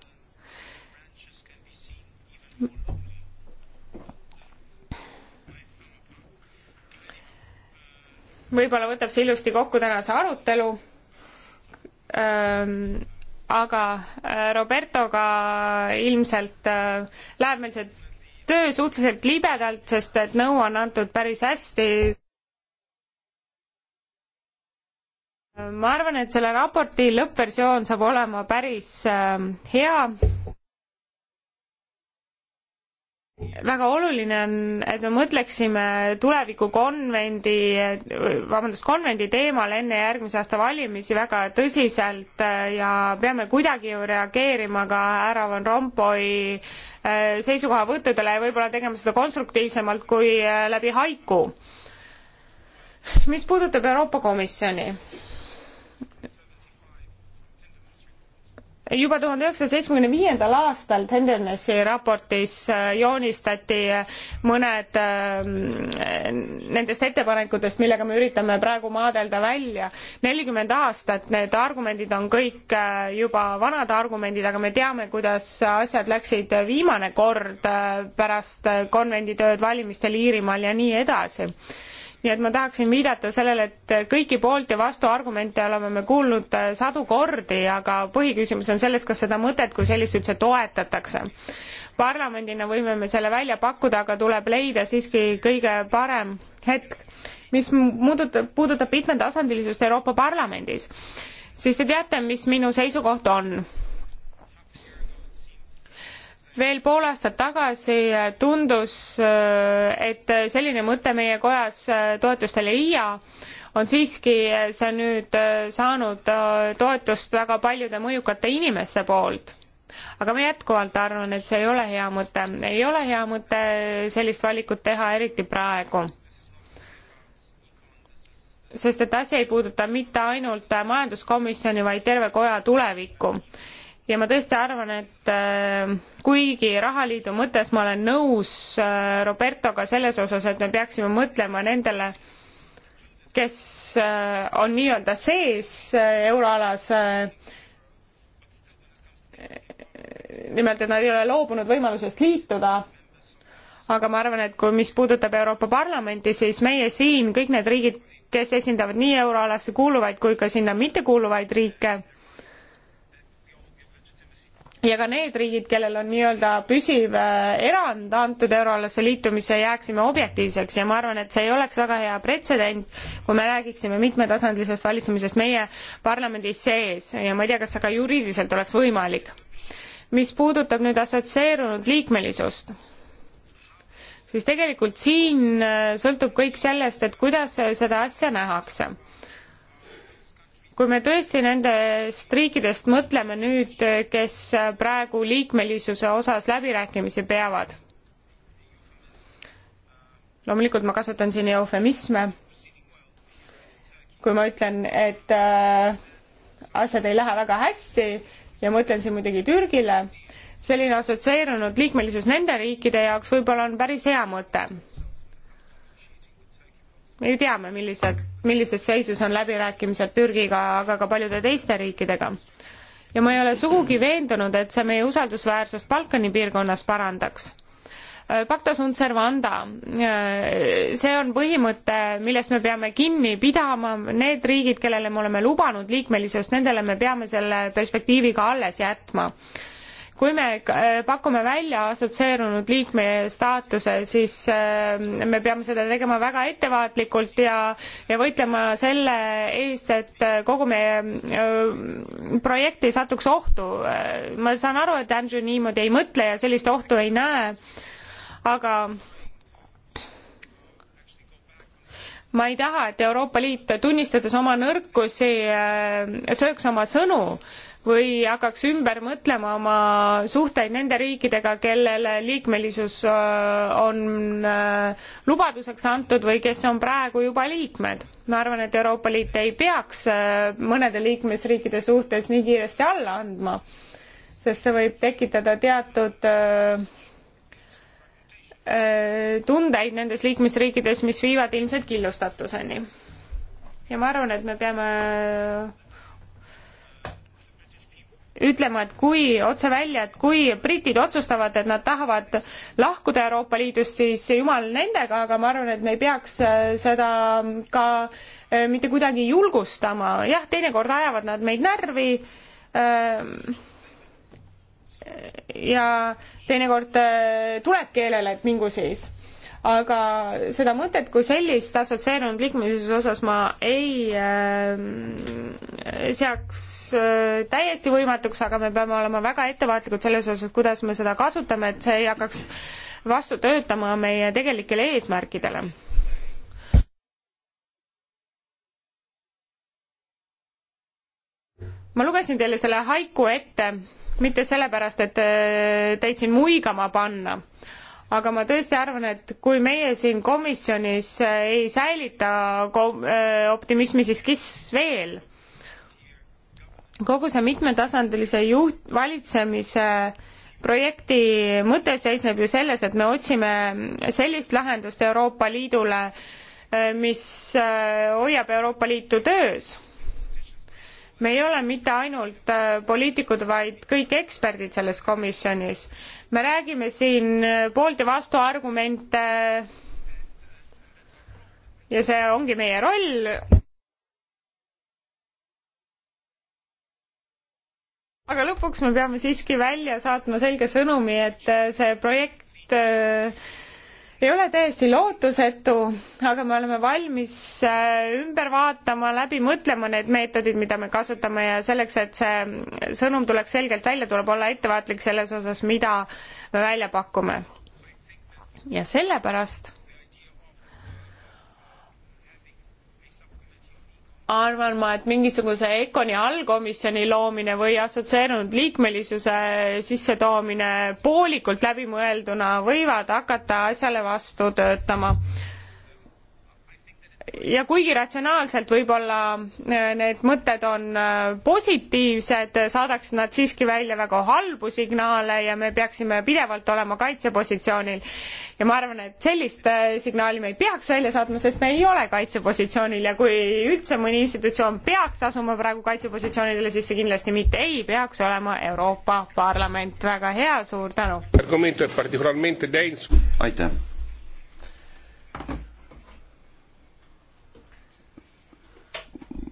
võib-olla võtab see ilusti kokku tänase arutelu. Ähm, aga äh, Robertoga ilmselt äh, läheb meil see töö suhteliselt libedalt, sest et nõu on antud päris hästi. ma arvan, et selle raporti lõppversioon saab olema päris äh, hea väga oluline on, et me mõtleksime tuleviku konvendi, vabandust, konvendi teemal enne järgmise aasta valimisi väga tõsiselt äh, ja peame kuidagi ju reageerima ka härra Van Rompuy äh, seisukohavõttudele ja võib-olla tegema seda konstruktiivsemalt kui äh, läbi haiku. mis puudutab Euroopa Komisjoni, juba tuhande üheksasaja seitsmekümne viiendal aastal Tendency raportis äh, joonistati äh, mõned äh, nendest ettepanekutest, millega me üritame praegu maadelda välja. nelikümmend aastat, need argumendid on kõik juba vanad argumendid, aga me teame, kuidas asjad läksid viimane kord pärast konvenditööd valimistel Iirimaal ja nii edasi nii et ma tahaksin viidata sellele, et kõiki poolt- ja vastuargumente oleme me kuulnud äh, sadu kordi, aga põhiküsimus on selles, kas seda mõtet kui sellist üldse toetatakse. parlamendina võime me selle välja pakkuda, aga tuleb leida siiski kõige parem hetk, mis muudutab, puudutab mitmetasandilisust Euroopa Parlamendis, siis te teate, mis minu seisukoht on veel pool aastat tagasi äh, tundus, äh, et selline mõte meie kojas äh, toetust ei leia, on siiski see nüüd saanud toetust väga paljude mõjukate inimeste poolt aga ma jätkuvalt arvan, et see ei ole hea mõte, ei ole hea mõte sellist valikut teha, eriti praegu. sest et asi ei puuduta mitte ainult majanduskomisjoni, vaid terve koja tulevikku ja ma tõesti arvan, et äh, kuigi rahaliidu mõttes ma olen nõus äh, Robertoga selles osas, et me peaksime mõtlema nendele, kes äh, on nii-öelda sees euroalas, nimelt, et nad ei ole loobunud võimalusest liituda, aga ma arvan, et kui, mis puudutab Euroopa Parlamenti, siis meie siin, kõik need riigid, kes esindavad nii euroalasse kuuluvaid kui ka sinna mittekuuluvaid riike, ja ka need riigid, kellel on nii-öelda püsiv äh, erand antud euroalasse liitumisse, jääksime objektiivseks ja ma arvan, et see ei oleks väga hea pretsedent, kui me räägiksime mitmetasandilisest valitsemisest meie parlamendi sees ja ma ei tea, kas see ka juriidiliselt oleks võimalik. mis puudutab nüüd assotsieerunud liikmelisust, siis tegelikult siin äh, sõltub kõik sellest, et kuidas seda asja nähakse kui me tõesti nendest riikidest mõtleme nüüd, kes praegu liikmelisuse osas läbirääkimisi peavad, loomulikult ma kasutan siin eufemisme, kui ma ütlen, et äh, asjad ei lähe väga hästi ja mõtlen siin muidugi Türgile, selline assotsieerunud liikmelisus nende riikide jaoks võib-olla on päris hea mõte. me ju teame, millised millises seisus on läbirääkimised Türgiga, aga ka paljude teiste riikidega. ja ma ei ole sugugi veendunud, et see meie usaldusväärsust Balkani piirkonnas parandaks pacta sunt servanda, see on põhimõte, millest me peame kinni pidama, need riigid, kellele me oleme lubanud liikmelisust, nendele me peame selle perspektiivi ka alles jätma kui me äh, pakume välja assotsieerunud liikme staatuse, siis äh, me peame seda tegema väga ettevaatlikult ja, ja võitlema selle eest, et äh, kogu meie projekt ei satuks ohtu. ma saan aru, et Andrew niimoodi ei mõtle ja sellist ohtu ei näe, aga ma ei taha, et Euroopa Liit, tunnistades oma nõrkusi, sööks oma sõnu või hakkaks ümber mõtlema oma suhteid nende riikidega, kellele liikmelisus on lubaduseks antud või kes on praegu juba liikmed. ma arvan, et Euroopa Liit ei peaks mõnede liikmesriikide suhtes nii kiiresti alla andma, sest see võib tekitada teatud tundeid nendes liikmesriikides, mis viivad ilmselt killustatuseni. ja ma arvan, et me peame ütlema, et kui otse välja, et kui britid otsustavad, et nad tahavad lahkuda Euroopa Liidust, siis jumal nendega, aga ma arvan, et me ei peaks äh, seda ka äh, mitte kuidagi julgustama. jah, teinekord ajavad nad meid närvi ähm, ja teinekord äh, tuleb keelele, et mingu siis aga seda mõtet kui sellist assotsieerunud liikmesuse osas ma ei äh, seaks äh, täiesti võimatuks, aga me peame olema väga ettevaatlikud selles osas, kuidas me seda kasutame, et see ei hakkaks vastu töötama meie tegelikele eesmärkidele ma lugesin teile selle haiku ette mitte sellepärast, et äh, teid siin muigama panna, aga ma tõesti arvan, et kui meie siin komisjonis ei säilita optimismi, siis kes veel? kogu see mitmetasandilise juht, valitsemise projekti mõte seisneb ju selles, et me otsime sellist lahendust Euroopa Liidule, mis hoiab Euroopa Liitu töös me ei ole mitte ainult äh, poliitikud, vaid kõik eksperdid selles komisjonis. me räägime siin äh, poolt ja vastu argumente ja see ongi meie roll. aga lõpuks me peame siiski välja saatma selge sõnumi, et äh, see projekt ei ole täiesti lootusetu, aga me oleme valmis äh, ümber vaatama, läbi mõtlema need meetodid, mida me kasutame ja selleks, et see sõnum tuleks selgelt välja, tuleb olla ettevaatlik selles osas, mida me välja pakume. ja sellepärast arvan ma, et mingisuguse ECONi allkomisjoni loomine või assotsieerunud liikmelisuse sissetoomine poolikult läbimõelduna võivad hakata asjale vastu töötama ja kuigi ratsionaalselt võib-olla äh, need mõtted on äh, positiivsed, saadaks nad siiski välja väga halbu signaale ja me peaksime pidevalt olema kaitsepositsioonil. ja ma arvan, et sellist äh, signaali me ei peaks välja saatma, sest me ei ole kaitsepositsioonil ja kui üldse mõni institutsioon peaks asuma praegu kaitsepositsioonidele, siis see kindlasti mitte ei peaks olema Euroopa Parlament. väga hea, suur tänu! aitäh!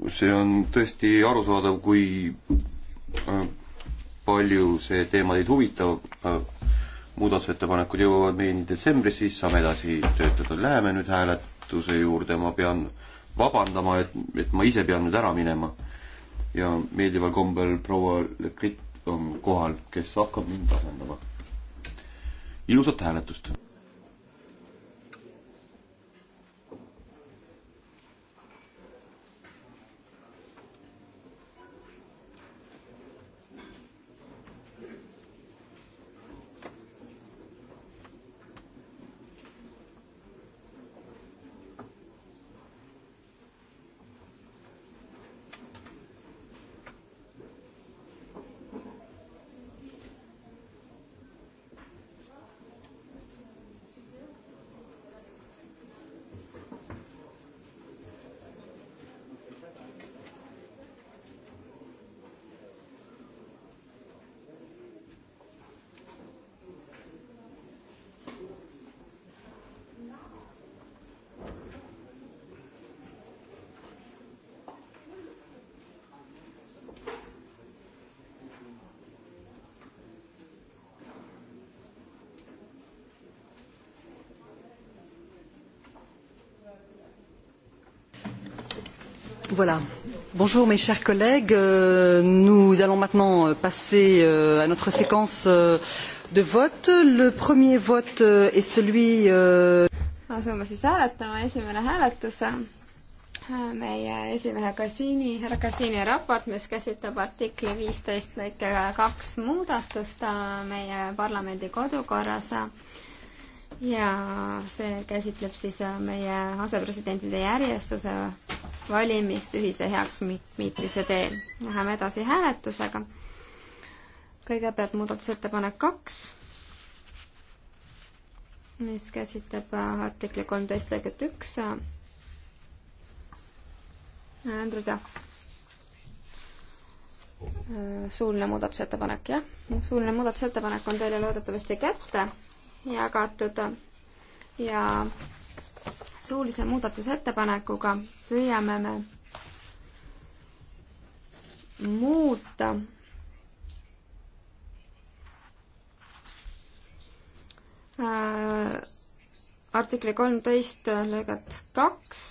see on tõesti arusaadav, kui äh, palju see teema teid huvitab. Äh, muudatusettepanekud jõuavad meieni detsembris, siis saame edasi töötada. Läheme nüüd hääletuse juurde, ma pean vabandama, et, et ma ise pean nüüd ära minema. ja meeldival kombel proua Lekrit on kohal, kes hakkab mind asendama. ilusat hääletust! Voilà. Bonjour mes chers collègues. Euh, nous allons maintenant euh, passer euh, à notre séquence de vote. Le premier vote est celui asume siis hääletama, esimene hääletus. Äh, meie esimehe Kassiini, härra Kassiini raport, mis käsitleb artikli viisteist lõike kaks muudatust äh, meie parlamendi kodukorras ja see käsitleb siis äh, meie asepresidentide järjestuse valimist ühise heakskiitmise teel. Läheme edasi hääletusega. kõigepealt muudatusettepanek kaks, mis käsitleb artikli kolmteist lõiget üks. Andrus Jaak. suuline muudatusettepanek, jah. suuline muudatusettepanek on teile loodetavasti kätte jagatud ja suulise muudatusettepanekuga püüame me muuta äh, artikli kolmteist lõiget kaks,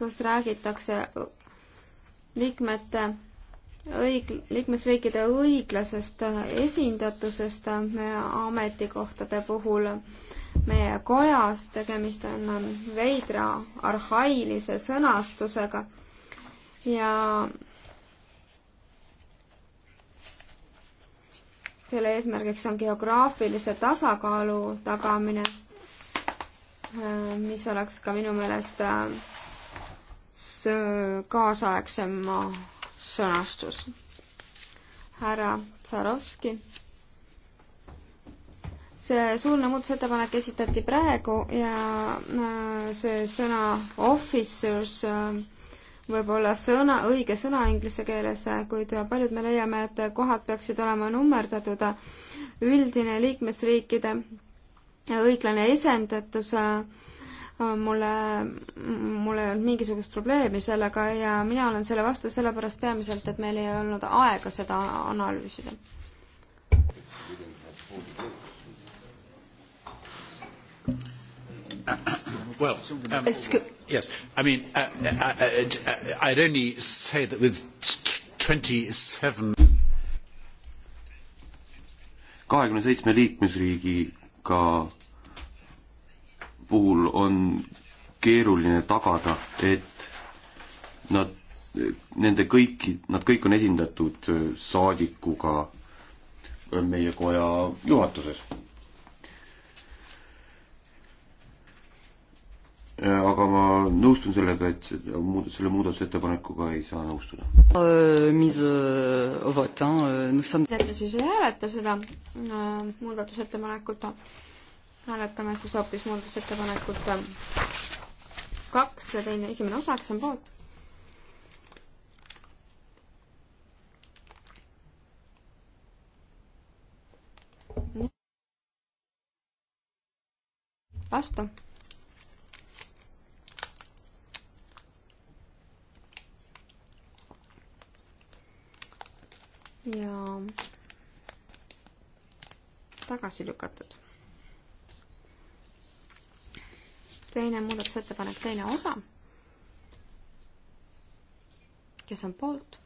kus räägitakse liikmete õig-, liikmesriikide õiglasest esindatusest ametikohtade puhul meie kojas, tegemist on veidra arhailise sõnastusega ja selle eesmärgiks on geograafilise tasakaalu tagamine, mis oleks ka minu meelest äh, kaasaegsem sõnastus. härra Tsarovski see suuline muudatusettepanek esitati praegu ja äh, see sõna officers äh, võib-olla sõna, õige sõna inglise keeles, äh, kuid paljud me leiame, et kohad peaksid olema nummerdatud. üldine liikmesriikide õiglane esindatus mulle, mul ei olnud mingisugust probleemi sellega ja mina olen selle vastu sellepärast peamiselt, et meil ei olnud aega seda analüüsida Well, um, yes. I mean, uh, I, uh, I, uh, uh, I'd only say that with 27 kahekümne seitsme liikmesriigiga puhul on keeruline tagada, et nad, nende kõiki, nad kõik on esindatud saadikuga meie koja juhatuses Äh, aga ma nõustun sellega, et selle muudatusettepanekuga ei saa nõustuda. Äh, äh, euh, teate siis ei hääleta seda muudatusettepanekut, hääletame siis hoopis muudatusettepanekut kaks ja teine, esimene osa, kes on poolt? vastu ja tagasi lükatud. teine muudatusettepanek, teine osa. kes on poolt?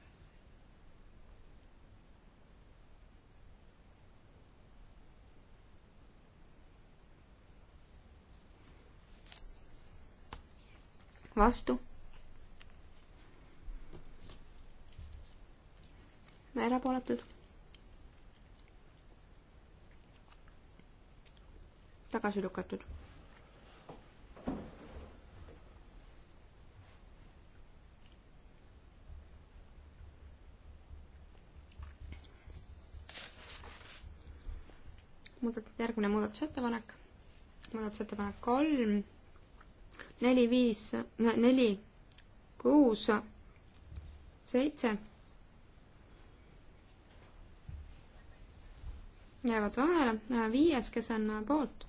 vastu erapooletud. tagasi lükatud. muudat-, järgmine muudatusettepanek, muudatusettepanek kolm, neli, viis, neli, kuus, seitse jäävad vahele, äh, viies, kes on äh, poolt.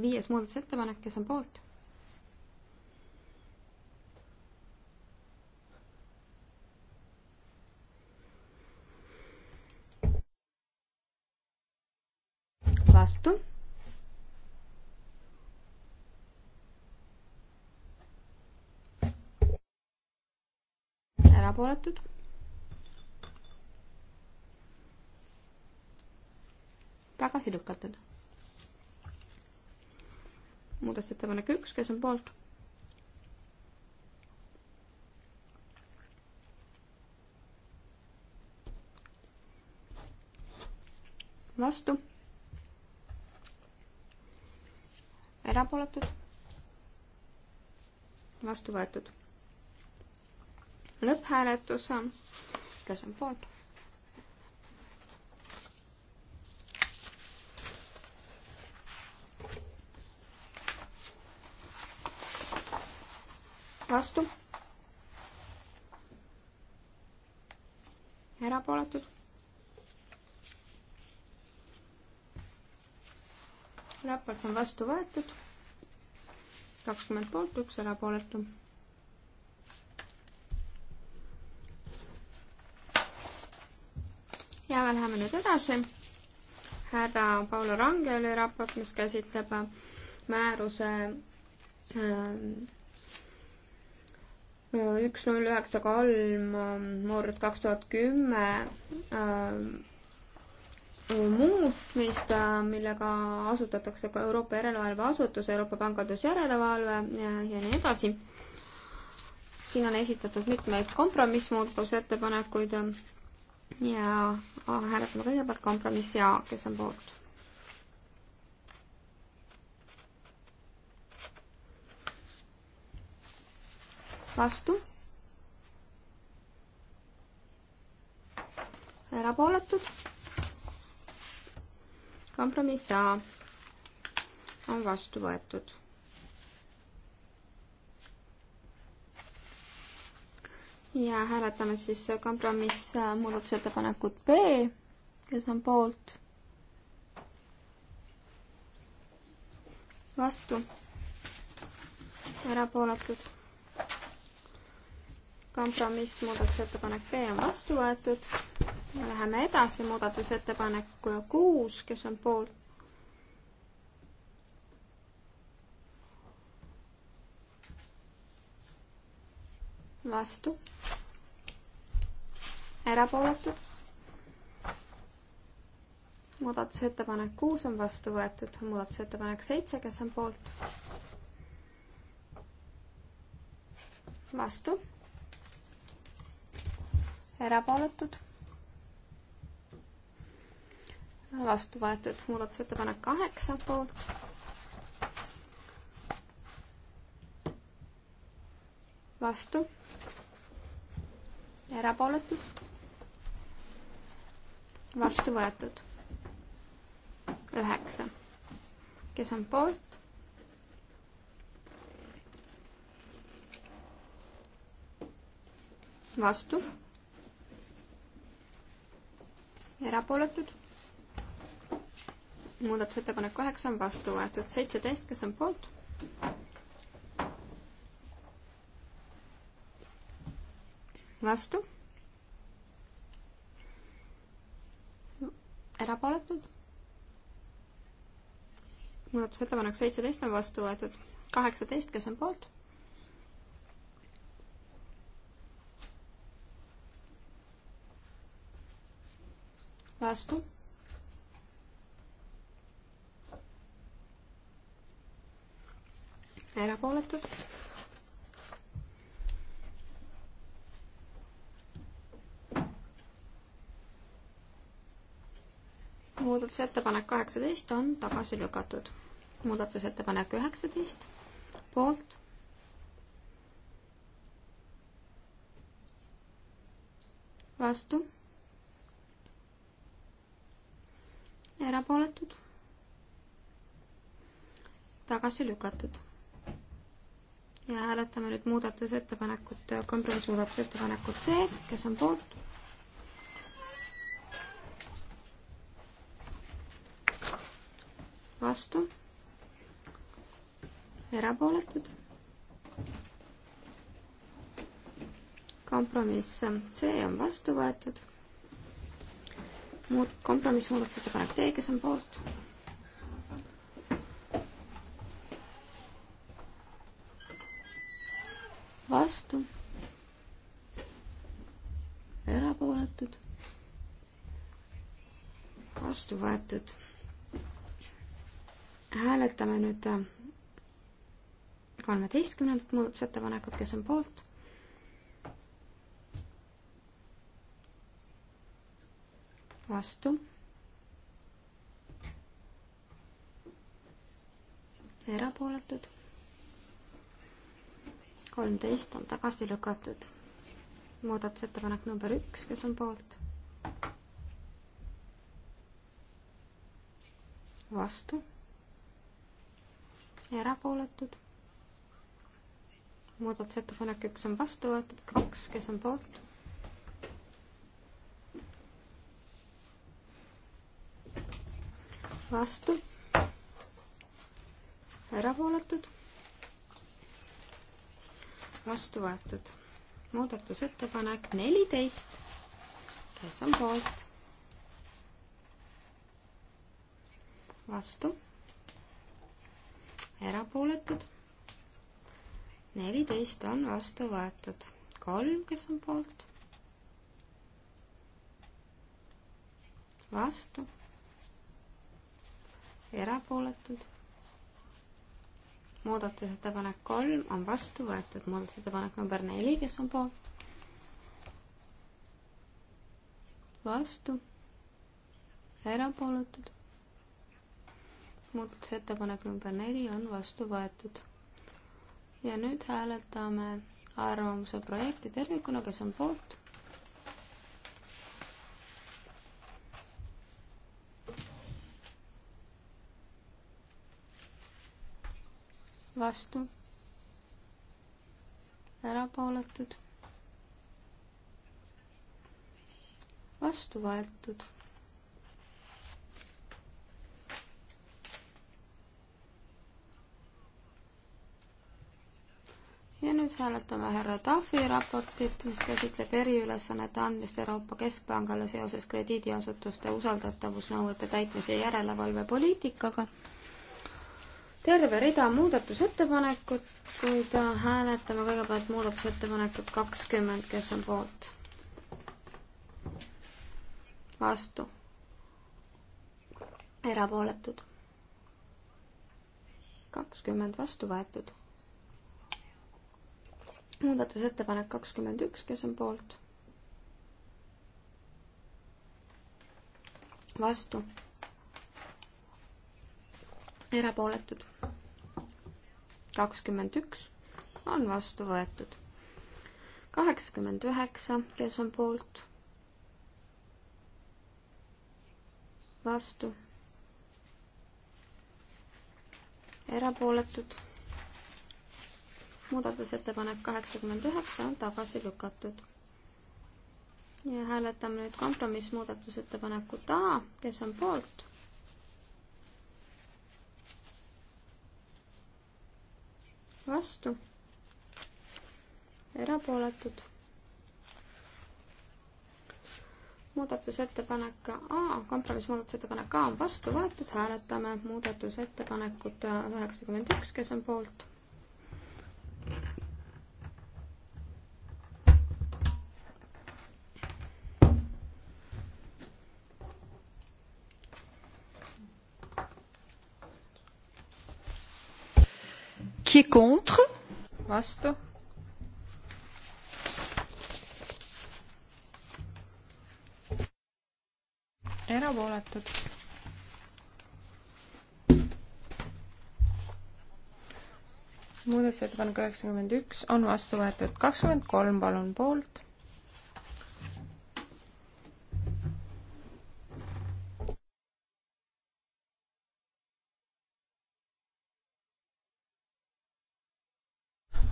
viies muudatusettepanek, kes on poolt? vastu. erapooletud tagasi lükatud. muudatusettepanek üks, kes on poolt? vastu. erapooletud. vastu võetud. lõpphääletus on, kes on poolt? vastu. erapooletud. raport on vastu võetud. kakskümmend poolt, üks erapooletu. ja me läheme nüüd edasi. härra Paulo Rangeli raport, mis käsitleb määruse äh, üks null üheksa kolm ähm, murd kaks tuhat kümme ähm, muutmist, äh, millega asutatakse ka Euroopa Järelevalveasutus, Euroopa Pangandusjärelevalve ja, ja nii edasi. siin on esitatud mitmeid kompromissmuudatusettepanekuid ja ah, hääletame kõigepealt kompromissi A, kes on poolt vastu. erapooletud. kompromiss A on vastu võetud. ja hääletame siis kompromiss muudatusettepanekut B, kes on poolt. vastu erapooletud kompromiss, muudatusettepanek B on vastu võetud. Läheme edasi, muudatusettepanek kuus, kes on poolt? vastu, erapooletud. muudatusettepanek kuus on vastu võetud, muudatusettepanek seitse, kes on poolt? vastu erapooletud, vastu võetud muudatusettepanek kaheksa poolt. vastu, erapooletud, vastu võetud üheksa, kes on poolt, vastu erapooletud. muudatusettepanek kaheksa on vastu võetud, seitseteist, kes on poolt? vastu. erapooletud. muudatusettepanek seitseteist on vastu võetud, kaheksateist, kes on poolt? vastu. erapooletud. muudatusettepanek kaheksateist on tagasi lükatud. muudatusettepanek üheksateist poolt vastu erapooletud, tagasi lükatud. ja hääletame nüüd muudatusettepanekut, kompromissmuudatusettepanekut C, kes on poolt. vastu, erapooletud kompromiss C on vastu võetud muud, kompromissmuudatusettepanek D, kes on poolt? vastu. erapooletud. vastu võetud. hääletame nüüd äh, kolmeteistkümnendat muudatusettepanekut, kes on poolt vastu. erapooletud. kolmteist on tagasi lükatud. muudatusettepanek number üks, kes on poolt? vastu. erapooletud. muudatusettepanek üks on vastu võetud, kaks, kes on poolt vastu, erapooletud, vastu võetud. muudatusettepanek neliteist, kes on poolt? vastu, erapooletud, neliteist on vastu võetud, kolm, kes on poolt? vastu erapooletud. muudatusettepanek kolm on vastu võetud, muudatusettepanek number neli, kes on poolt? vastu, erapooletud. muudatusettepanek number neli on vastu võetud. ja nüüd hääletame arvamuse projekti tervikuna, kes on poolt vastu, erapooletud, vastu võetud. ja nüüd hääletame härra Tafi raportit, mis käsitleb eriülesannete andmist Euroopa Keskpangale seoses krediidiasutuste usaldatavusnõuete täitmise järelevalve poliitikaga terve rida muudatusettepanekut, kuid äh, hääletame kõigepealt muudatusettepanekut kakskümmend, kes on poolt. vastu. erapooletud. kakskümmend vastu võetud. muudatusettepanek kakskümmend üks, kes on poolt. vastu erapooletud. kakskümmend üks on vastu võetud. kaheksakümmend üheksa, kes on poolt? vastu. erapooletud. muudatusettepanek kaheksakümmend üheksa on tagasi lükatud. ja hääletame nüüd kompromissmuudatusettepanekut A, kes on poolt vastu, erapooletud. muudatusettepanek A, kompromissmuudatusettepanek A on vastu võetud, hääletame muudatusettepanekut üheksakümmend üks, kes on poolt qui est contre? vastu. erapooletud. muudatusettepanek üheksakümmend üks on vastu võetud kakskümmend kolm, palun poolt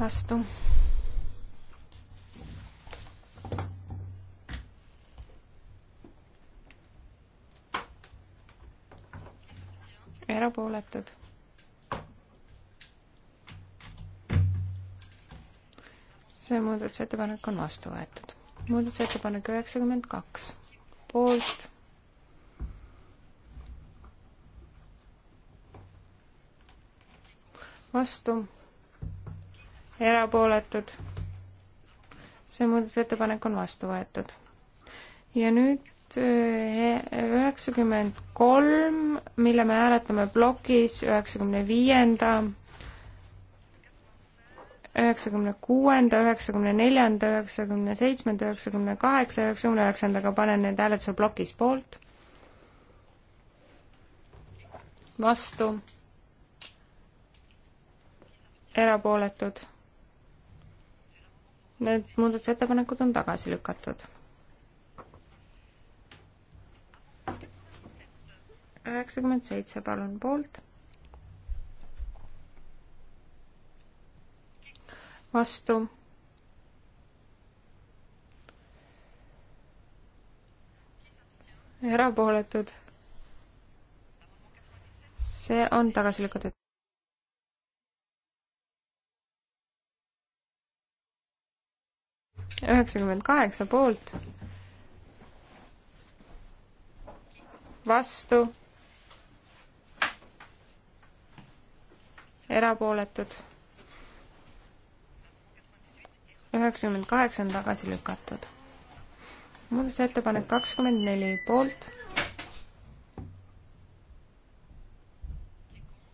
vastu. erapooletud. see muudatusettepanek on vastu võetud. muudatusettepanek üheksakümmend kaks, poolt vastu, erapooletud. see muudatusettepanek on vastu võetud. ja nüüd eh, üheksakümmend kolm, mille me hääletame plokis üheksakümne viienda, üheksakümne kuuenda, üheksakümne neljanda, üheksakümne seitsmenda, üheksakümne kaheksa, üheksakümne üheksandaga panen need hääletuse plokis poolt. vastu. erapooletud Need muudatusettepanekud on tagasi lükatud. üheksakümmend seitse, palun poolt. vastu. erapooletud. see on tagasi lükatud. üheksakümmend kaheksa poolt, vastu, erapooletud. üheksakümmend kaheksa on tagasi lükatud. muudatusettepanek kakskümmend neli poolt,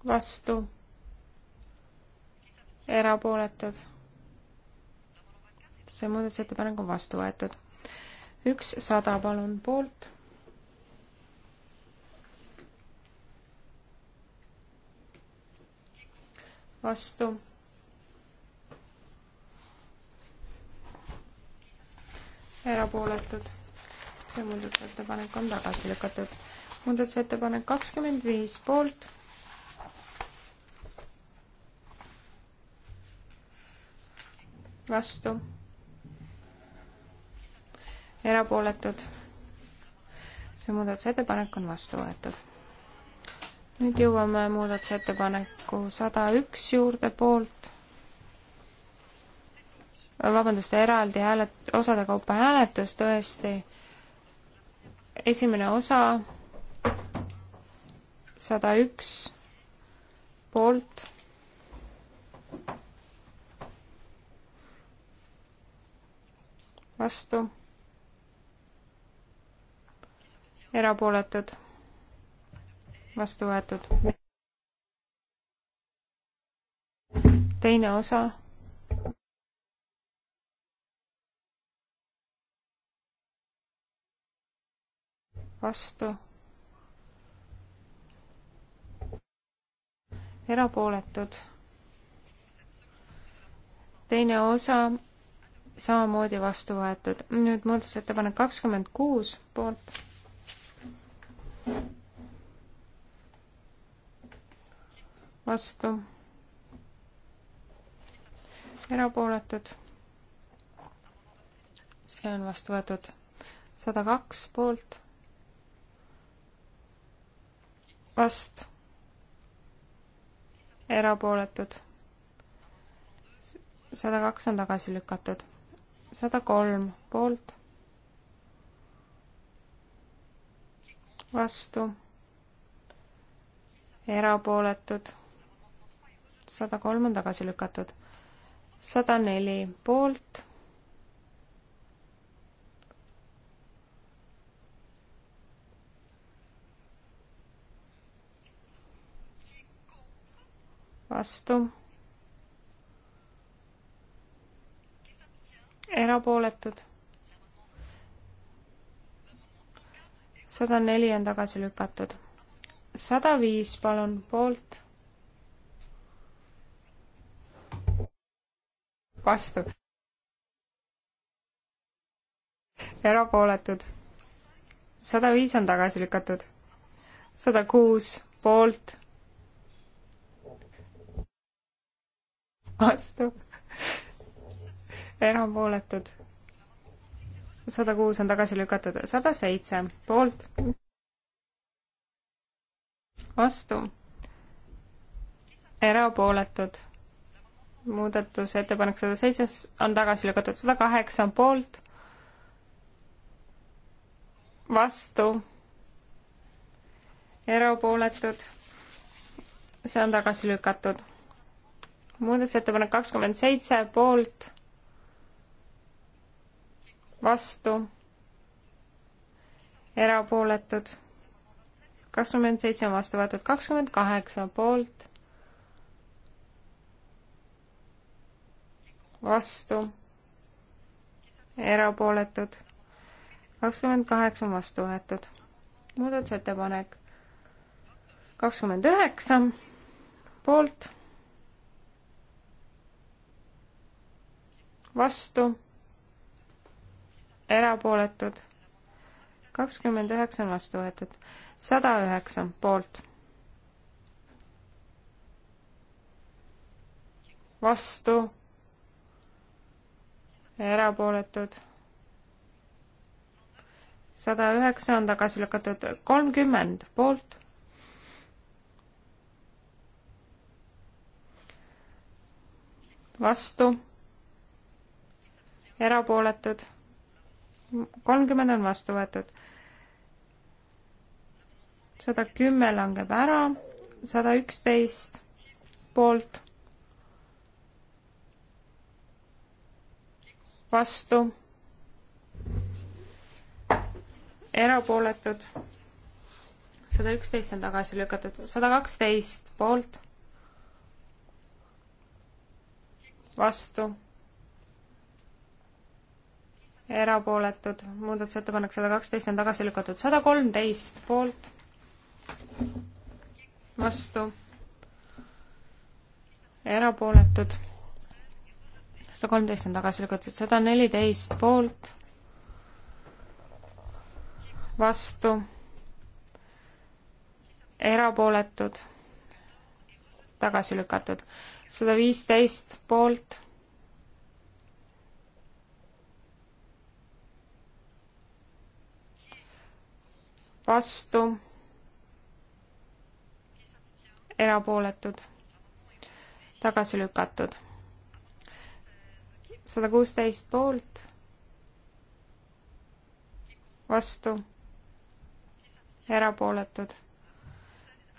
vastu, erapooletud see muudatusettepanek on vastu võetud. üks sada, palun, poolt. vastu. erapooletud. see muudatusettepanek on tagasi lükatud. muudatusettepanek kakskümmend viis poolt vastu erapooletud. see muudatusettepanek on vastu võetud. nüüd jõuame muudatusettepaneku sada üks juurde poolt. vabandust, eraldi häälet-, osade kaupa hääletus tõesti. esimene osa sada üks poolt vastu erapooletud, vastu võetud. teine osa. vastu. erapooletud. teine osa samamoodi vastu võetud. nüüd muudatusettepanek kakskümmend kuus poolt vastu, erapooletud. see on vastu võetud sada kaks poolt, vastu, erapooletud. sada kaks on tagasi lükatud, sada kolm poolt vastu, erapooletud, sada kolm on tagasi lükatud, sada neli poolt, vastu, erapooletud sada neli on tagasi lükatud. sada viis, palun, poolt. vastu. erapooletud. sada viis on tagasi lükatud. sada kuus, poolt. vastu. erapooletud sada kuus on tagasi lükatud, sada seitse poolt. vastu. erapooletud. muudatusettepanek sada seitse on tagasi lükatud, sada kaheksa poolt. vastu. erapooletud. see on tagasi lükatud. muudatusettepanek kakskümmend seitse poolt vastu, erapooletud, kakskümmend seitse on vastu võetud, kakskümmend kaheksa poolt, vastu, erapooletud, kakskümmend kaheksa on vastu võetud. muudatusettepanek kakskümmend üheksa poolt, vastu erapooletud, kakskümmend üheksa on vastu võetud, sada üheksa poolt. vastu, erapooletud, sada üheksa on tagasi lükatud, kolmkümmend poolt vastu, erapooletud kolmkümmend on vastu võetud. sada kümme langeb ära, sada üksteist poolt, vastu, erapooletud, sada üksteist on tagasi lükatud, sada kaksteist poolt, vastu erapooletud, muudatusettepanek sada kaksteist on tagasi lükatud, sada kolmteist poolt, vastu, erapooletud, sada kolmteist on tagasi lükatud, sada neliteist poolt, vastu, erapooletud, tagasi lükatud, sada viisteist poolt vastu, erapooletud, tagasi lükatud. sada kuusteist poolt, vastu, erapooletud,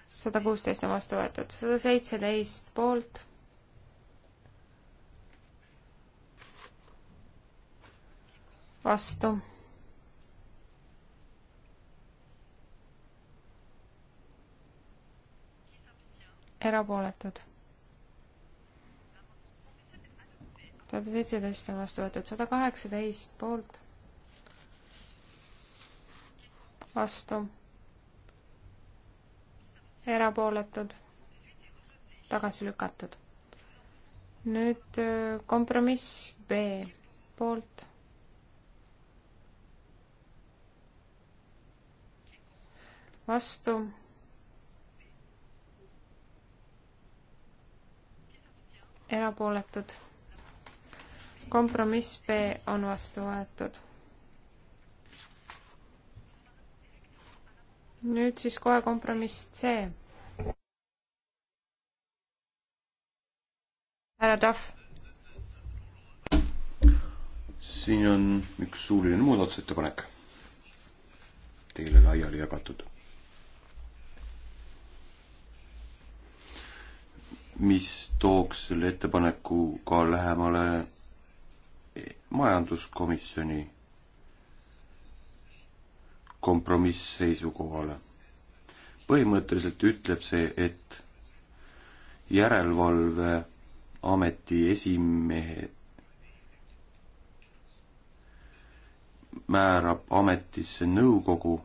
sada kuusteist on vastu võetud, sada seitseteist poolt vastu, erapooletud. sada seitseteist on vastu võetud, sada kaheksateist poolt. vastu. erapooletud. tagasi lükatud. nüüd äh, kompromiss B poolt. vastu erapooletud. kompromiss B on vastu võetud. nüüd siis kohe kompromiss C. härra Tahv. siin on üks suuline muudatusettepanek teile laiali jagatud mis tooks selle ettepaneku ka lähemale majanduskomisjoni kompromiss-seisukohale. põhimõtteliselt ütleb see, et järelevalveameti esimehe määrab ametisse nõukogu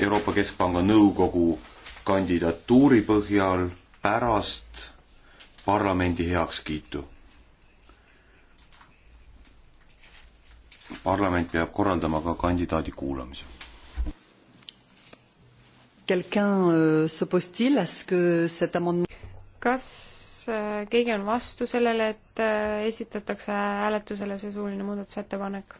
Euroopa Keskpanga nõukogu kandidatuuri põhjal pärast parlamendi heakskiitu. parlament peab korraldama ka kandidaadi kuulamise. Euh, kas äh, keegi on vastu sellele, et äh, esitatakse hääletusele see suuline muudatusettepanek?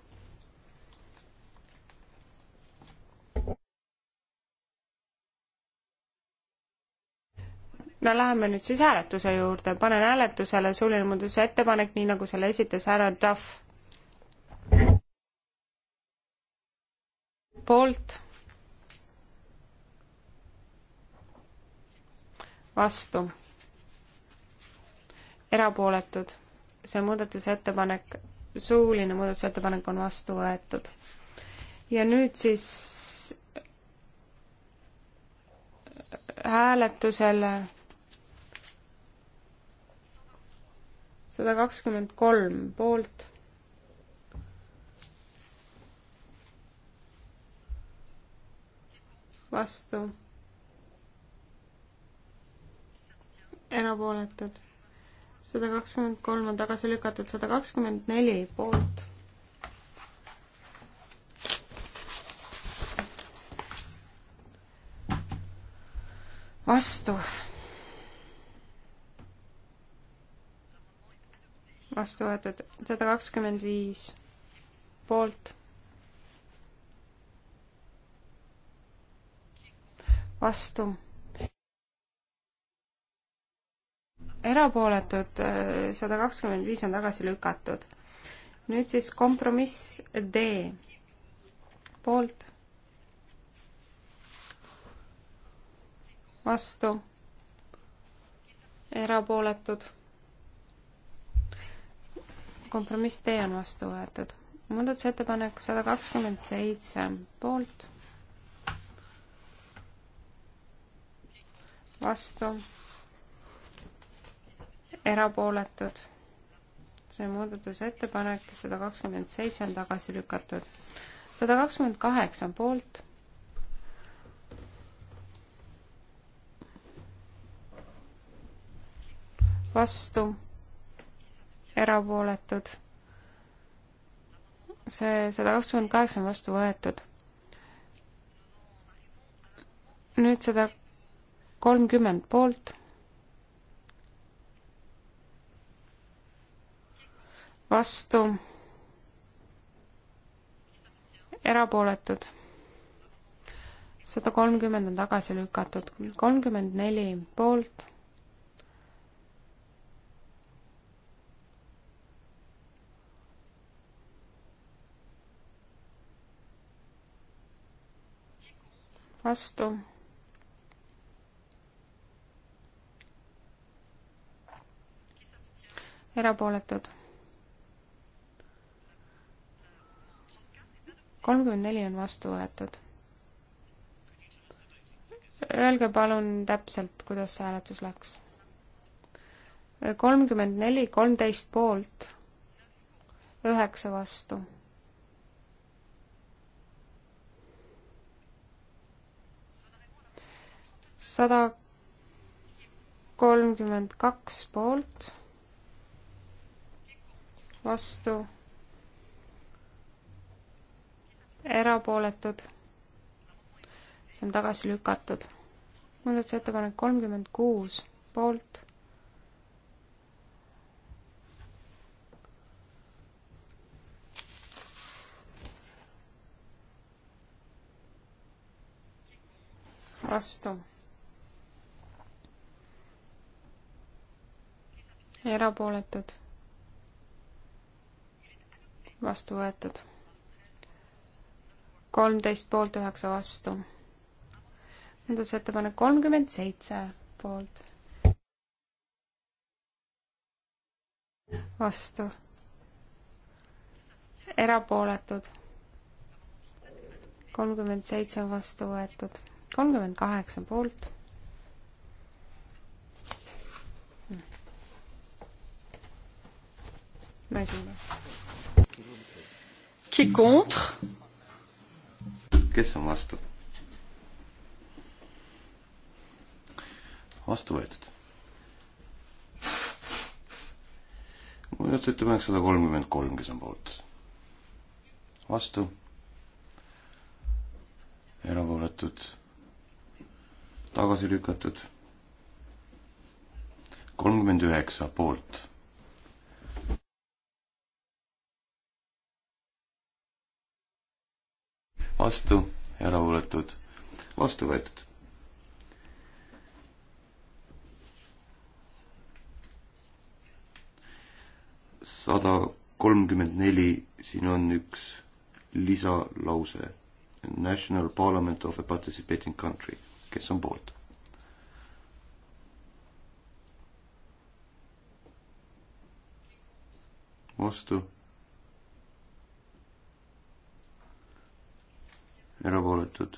no läheme nüüd siis hääletuse juurde, panen hääletusele suuline muudatusettepanek, nii nagu selle esitas härra Duff. poolt. vastu. erapooletud. see muudatusettepanek, suuline muudatusettepanek on vastu võetud. ja nüüd siis hääletusele sada kakskümmend kolm poolt. vastu. erapooletud. sada kakskümmend kolm on tagasi lükatud, sada kakskümmend neli poolt vastu vastu võetud sada kakskümmend viis poolt, vastu, erapooletud äh, sada kakskümmend viis on tagasi lükatud. nüüd siis kompromiss D poolt, vastu, erapooletud kompromiss D on vastu võetud. muudatusettepanek sada kakskümmend seitse poolt, vastu, erapooletud. see muudatusettepanek sada kakskümmend seitse on tagasi lükatud. sada kakskümmend kaheksa poolt vastu erapooletud. see sada kakskümmend kaheksa on vastu võetud. nüüd sada kolmkümmend poolt. vastu. erapooletud. sada kolmkümmend on tagasi lükatud, kolmkümmend neli poolt vastu. erapooletud. kolmkümmend neli on vastu võetud. Öelge palun täpselt, kuidas see hääletus läks. kolmkümmend neli, kolmteist poolt, üheksa vastu sada kolmkümmend kaks poolt, vastu, erapooletud, see on tagasi lükatud. muudatusettepanek kolmkümmend kuus poolt vastu. erapooletud, vastu võetud. kolmteist poolt, üheksa vastu. muudatusettepanek kolmkümmend seitse poolt. vastu. erapooletud. kolmkümmend seitse on vastu võetud, kolmkümmend kaheksa poolt Qui est contre? kes on vastu? vastu võetud. muudatusettepanek sada kolmkümmend kolm, kes on poolt? vastu? erapooletud? tagasi lükatud? kolmkümmend üheksa poolt vastu, erapooletud, vastu võetud. sada kolmkümmend neli, siin on üks lisalause. National Parliament of a participating country, kes on poolt vastu erapooletud,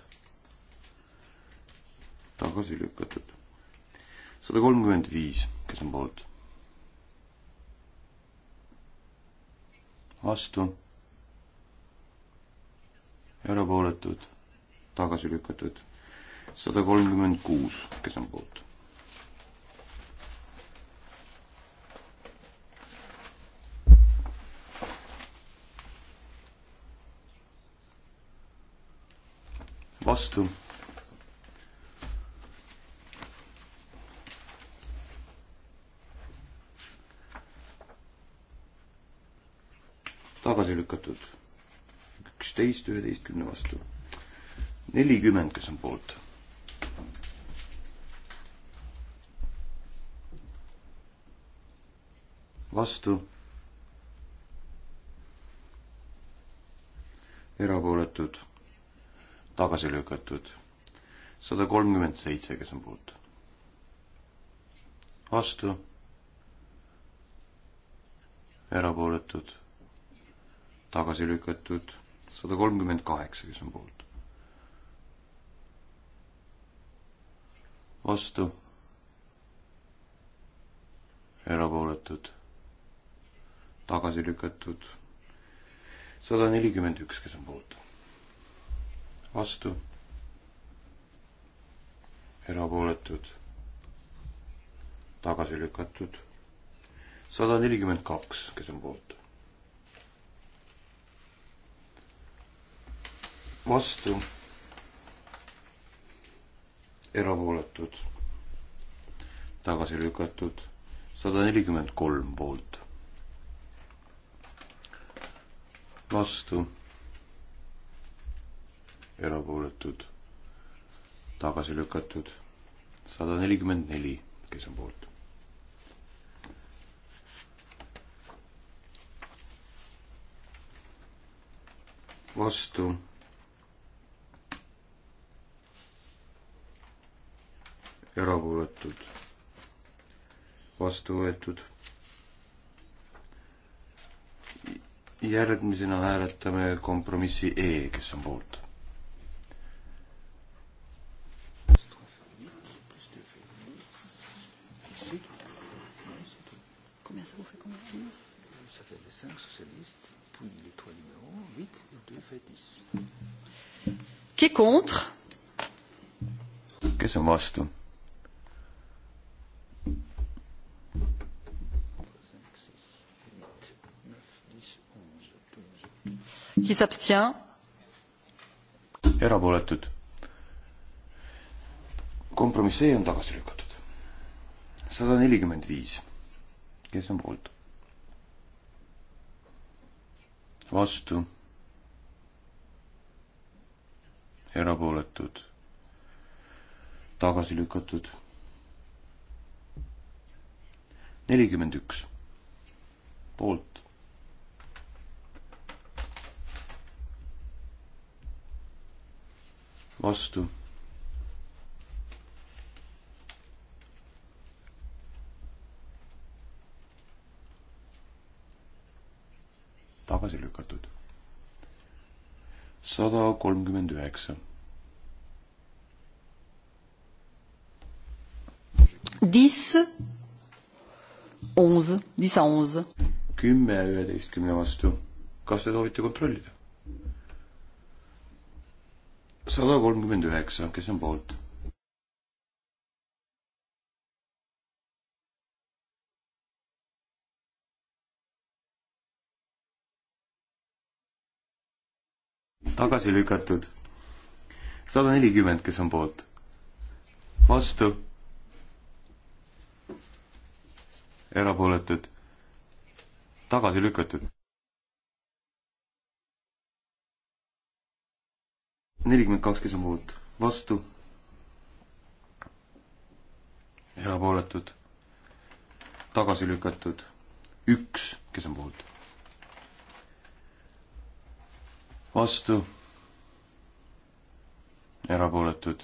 tagasi lükatud. sada kolmkümmend viis, kes on poolt? vastu, erapooletud, tagasi lükatud. sada kolmkümmend kuus, kes on poolt? vastu. tagasi lükatud. üksteist üheteistkümne vastu. nelikümmend, kes on poolt. vastu. erapooletud tagasi lükatud. sada kolmkümmend seitse, kes on poolt. vastu. erapooletud. tagasi lükatud. sada kolmkümmend kaheksa, kes on poolt. vastu. erapooletud. tagasi lükatud. sada nelikümmend üks, kes on poolt vastu, erapooletud, tagasi lükatud, sada nelikümmend kaks, kes on poolt. vastu, erapooletud, tagasi lükatud, sada nelikümmend kolm poolt. vastu erapooletud, tagasi lükatud sada nelikümmend neli, kes on poolt. vastu. erapooletud, vastu võetud. järgmisena hääletame kompromissi E, kes on poolt s'abstient. erapooletud. kompromiss E on tagasi lükatud. sada nelikümmend viis. kes on poolt? vastu. erapooletud. tagasi lükatud. nelikümmend üks. poolt vastu. tagasi lükatud. sada kolmkümmend üheksa. Dix, onze, dix à onze. kümme üheteistkümne vastu. kas te soovite kontrollida? sada kolmkümmend üheksa, kes on poolt? tagasi lükatud. sada nelikümmend, kes on poolt? vastu. erapooletud. tagasi lükatud nelikümmend kaks, kes on poolt, vastu, erapooletud, tagasi lükatud, üks, kes on poolt, vastu, erapooletud,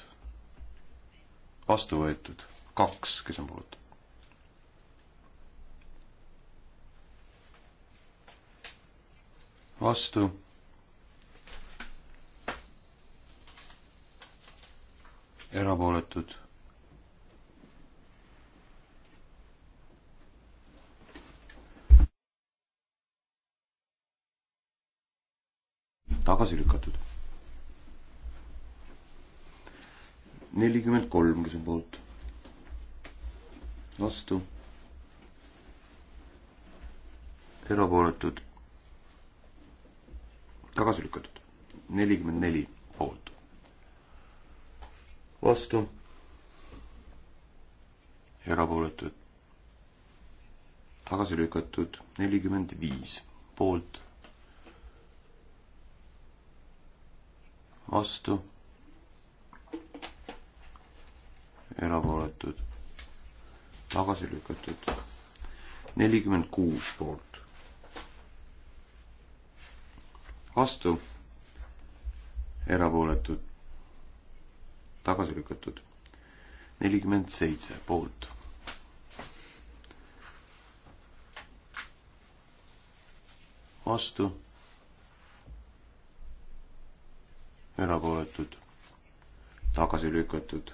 vastu võetud, kaks, kes on poolt vastu erapooletud. tagasi lükatud. nelikümmend kolm, kes on poolt. vastu. erapooletud. tagasi lükatud. nelikümmend neli poolt vastu, erapooletud, tagasi lükatud nelikümmend viis poolt, vastu, erapooletud, tagasi lükatud nelikümmend kuus poolt, vastu, erapooletud tagasi lükatud. nelikümmend seitse poolt. vastu. erapooletud, tagasi lükatud,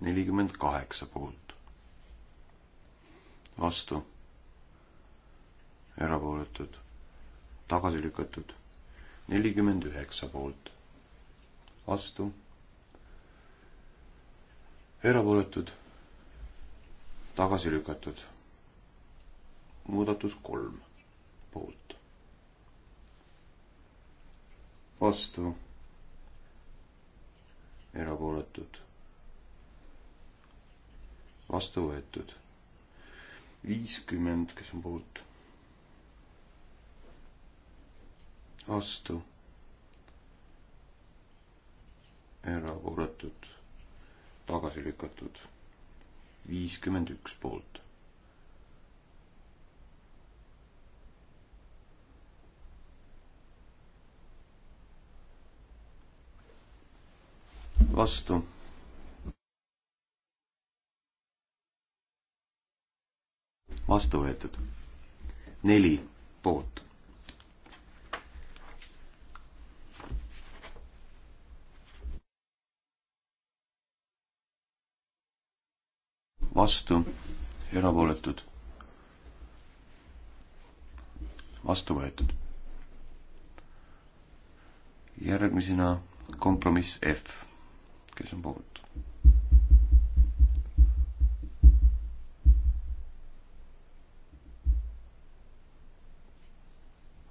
nelikümmend kaheksa poolt. vastu. erapooletud, tagasi lükatud, nelikümmend üheksa poolt. vastu erapooletud, tagasi lükatud. muudatus kolm, poolt. vastu, erapooletud, vastu võetud. viiskümmend, kes on poolt, vastu erapooletud tagasi lükatud. viiskümmend üks poolt. vastu. vastu võetud. neli poolt vastu, erapooletud, vastu võetud. järgmisena kompromiss F, kes on poolt.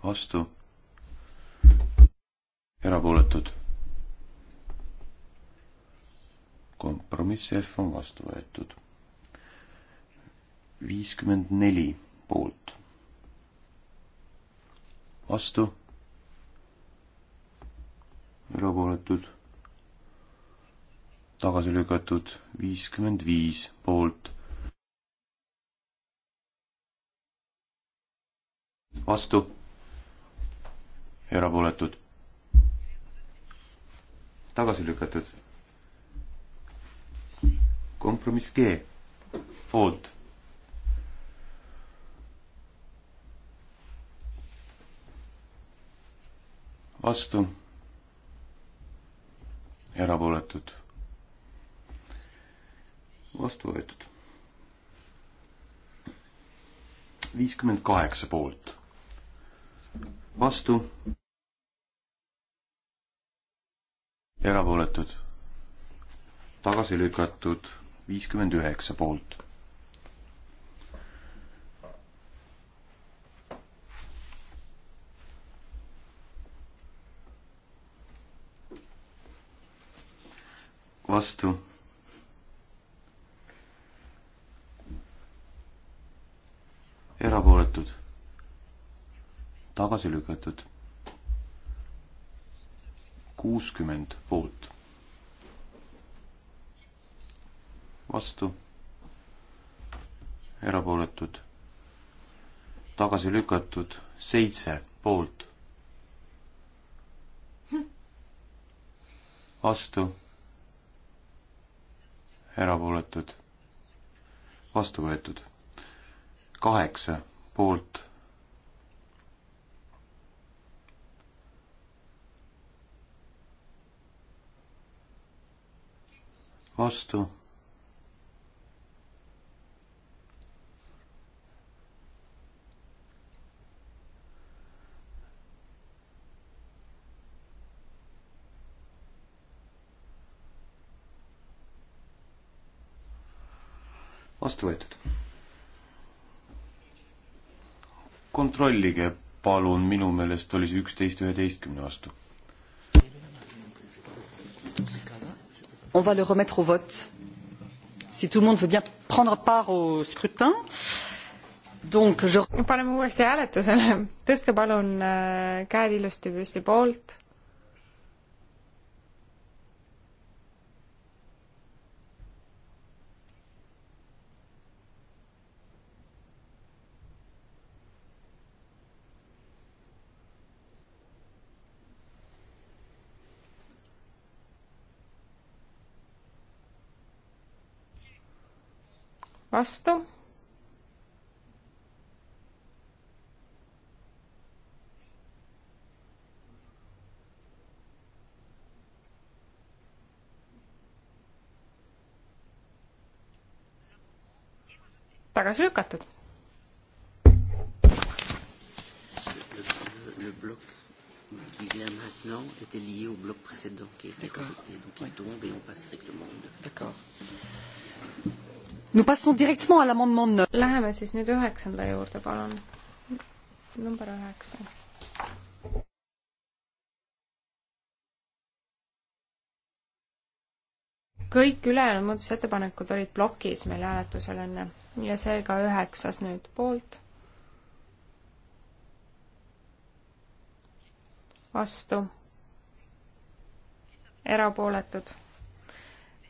vastu, erapooletud kompromiss F on vastu võetud viiskümmend neli poolt. vastu. erapooletud. tagasi lükatud viiskümmend viis poolt. vastu. erapooletud. tagasi lükatud. kompromiss G poolt vastu, erapooletud, vastu võetud. viiskümmend kaheksa poolt, vastu, erapooletud, tagasi lükatud, viiskümmend üheksa poolt vastu. erapooletud, tagasi lükatud. kuuskümmend poolt. vastu, erapooletud, tagasi lükatud, seitse poolt. vastu erapooletud, vastu võetud. kaheksa poolt. vastu vastu võetud. kontrollige palun, minu meelest oli see üksteist üheteistkümne vastu. On va le remettre au vote. Si tout le monde veut bien prendre part au scrutin. Donc je... paneme uuesti hääletusele, tõstke palun äh, käed ilusti püsti poolt, vastu. tagasi lükatud. Le bloc qui vient maintenant était lié au bloc précédent qui était rejeté, donc il tombe et on passe directement au 9. D'accord. Läheme siis nüüd üheksanda juurde, palun. number üheksa. kõik ülejäänud muudatusettepanekud olid plokis meil hääletusel enne ja seega üheksas nüüd poolt. vastu. erapooletud.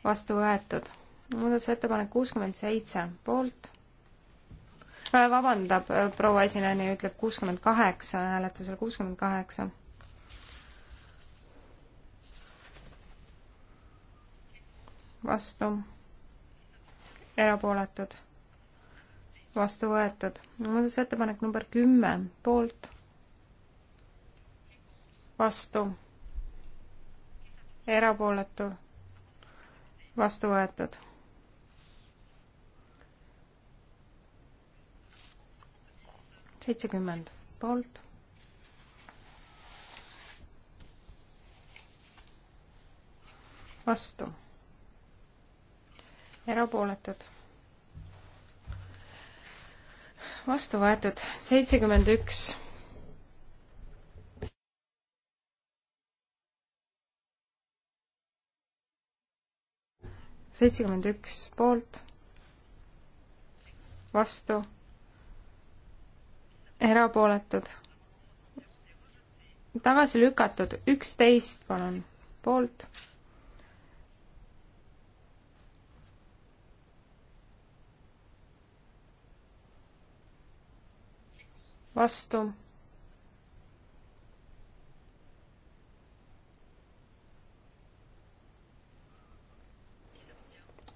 vastu võetud muudatusettepanek kuuskümmend seitse poolt äh, vabandab, äh, proua esinejani ütleb kuuskümmend kaheksa, hääletusel kuuskümmend kaheksa. vastu. erapooletud. vastu võetud. muudatusettepanek number kümme, poolt. vastu. erapooletu. vastu võetud seitsekümmend poolt. vastu. erapooletud. vastu võetud seitsekümmend üks. seitsekümmend üks poolt, vastu erapooletud, tagasi lükatud, üksteist, palun, poolt. vastu.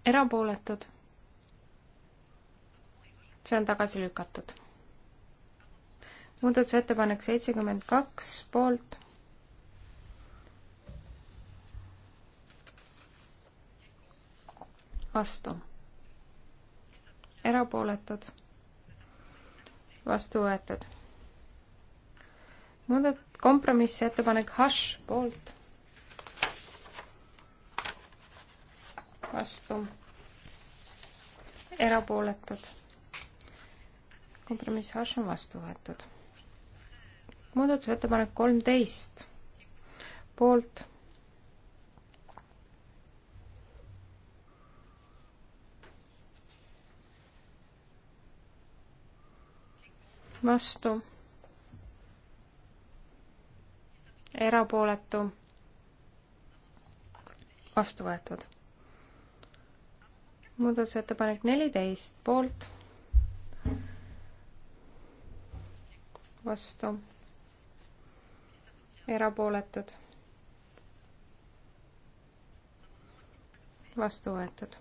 erapooletud. see on tagasi lükatud muudatusettepanek seitsekümmend kaks poolt. vastu. erapooletud. vastu võetud. muudat-, kompromissettepanek Hush poolt. vastu. erapooletud. kompromiss Hush on vastu võetud muudatusettepanek kolmteist, poolt. vastu. erapooletu. vastu võetud. muudatusettepanek neliteist, poolt. vastu erapooletud, vastu võetud.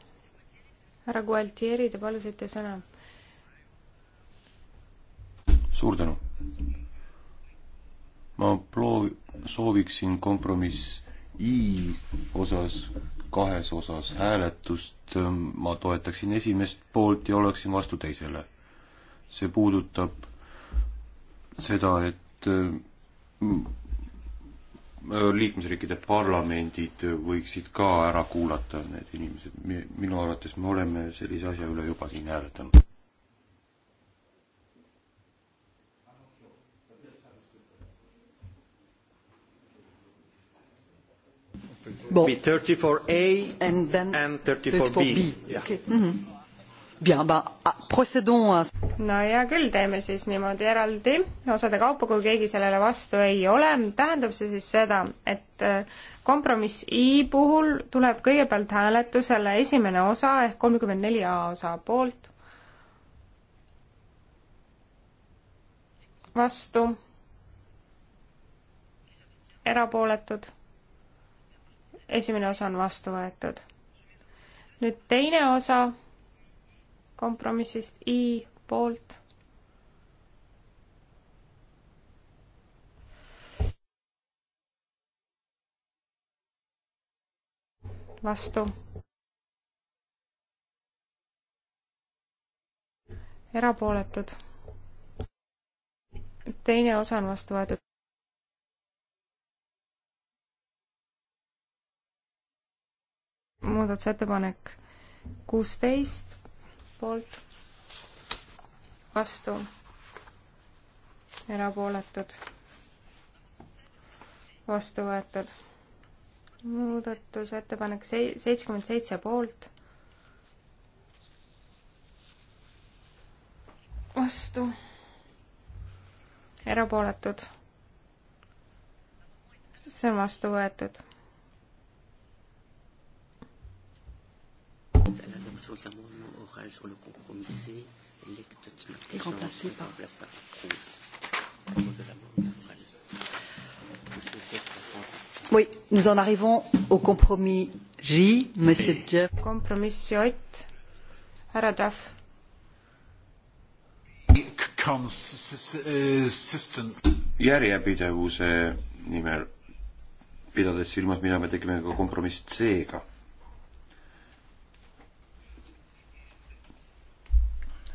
härra Gualtieri, te palusite sõna. suur tänu. ma ploo-, sooviksin kompromiss I osas kahes osas hääletust, ma toetaksin esimest poolt ja oleksin vastu teisele. see puudutab seda, et liikmesriikide parlamendid võiksid ka ära kuulata need inimesed. minu arvates me oleme sellise asja üle juba siin hääletanud. Bon. 34A and, then and 34B. 34B. Yeah. Okay. Mm -hmm Ah, no hea küll, teeme siis niimoodi eraldi osade kaupa, kui keegi sellele vastu ei ole, tähendab see siis seda, et äh, kompromiss I puhul tuleb kõigepealt hääletusele esimene osa ehk kolmkümmend neli A osa poolt, vastu, erapooletud, esimene osa on vastu võetud. nüüd teine osa kompromissist I poolt. vastu. erapooletud. teine osa on vastu võetud. muudatusettepanek kuusteist poolt, vastu, erapooletud, vastu võetud. muudatusettepanek sei-, seitsekümmend seitse poolt, vastu, erapooletud. see on vastu võetud soltamos orale sur le compromis C est remplacé par. Remplace par Merci. Oui, nous en arrivons au compromis J, Monsieur Jeff. Kompromissi Ott, härra Jeff. järjepidevuse nimel, pidades silmas, mida me tegime ka kompromiss C-ga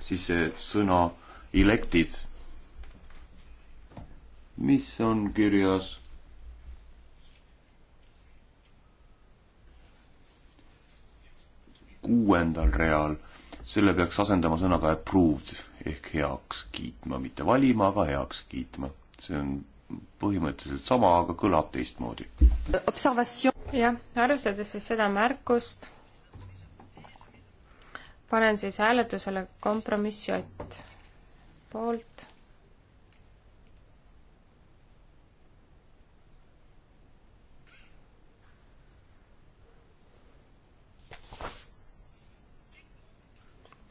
siis see sõna elected, mis on kirjas kuuendal real, selle peaks asendama sõnaga approved ehk heaks kiitma, mitte valima, aga heaks kiitma. see on põhimõtteliselt sama, aga kõlab teistmoodi. jah, arvestades siis seda märkust, panen siis hääletusele kompromiss J poolt.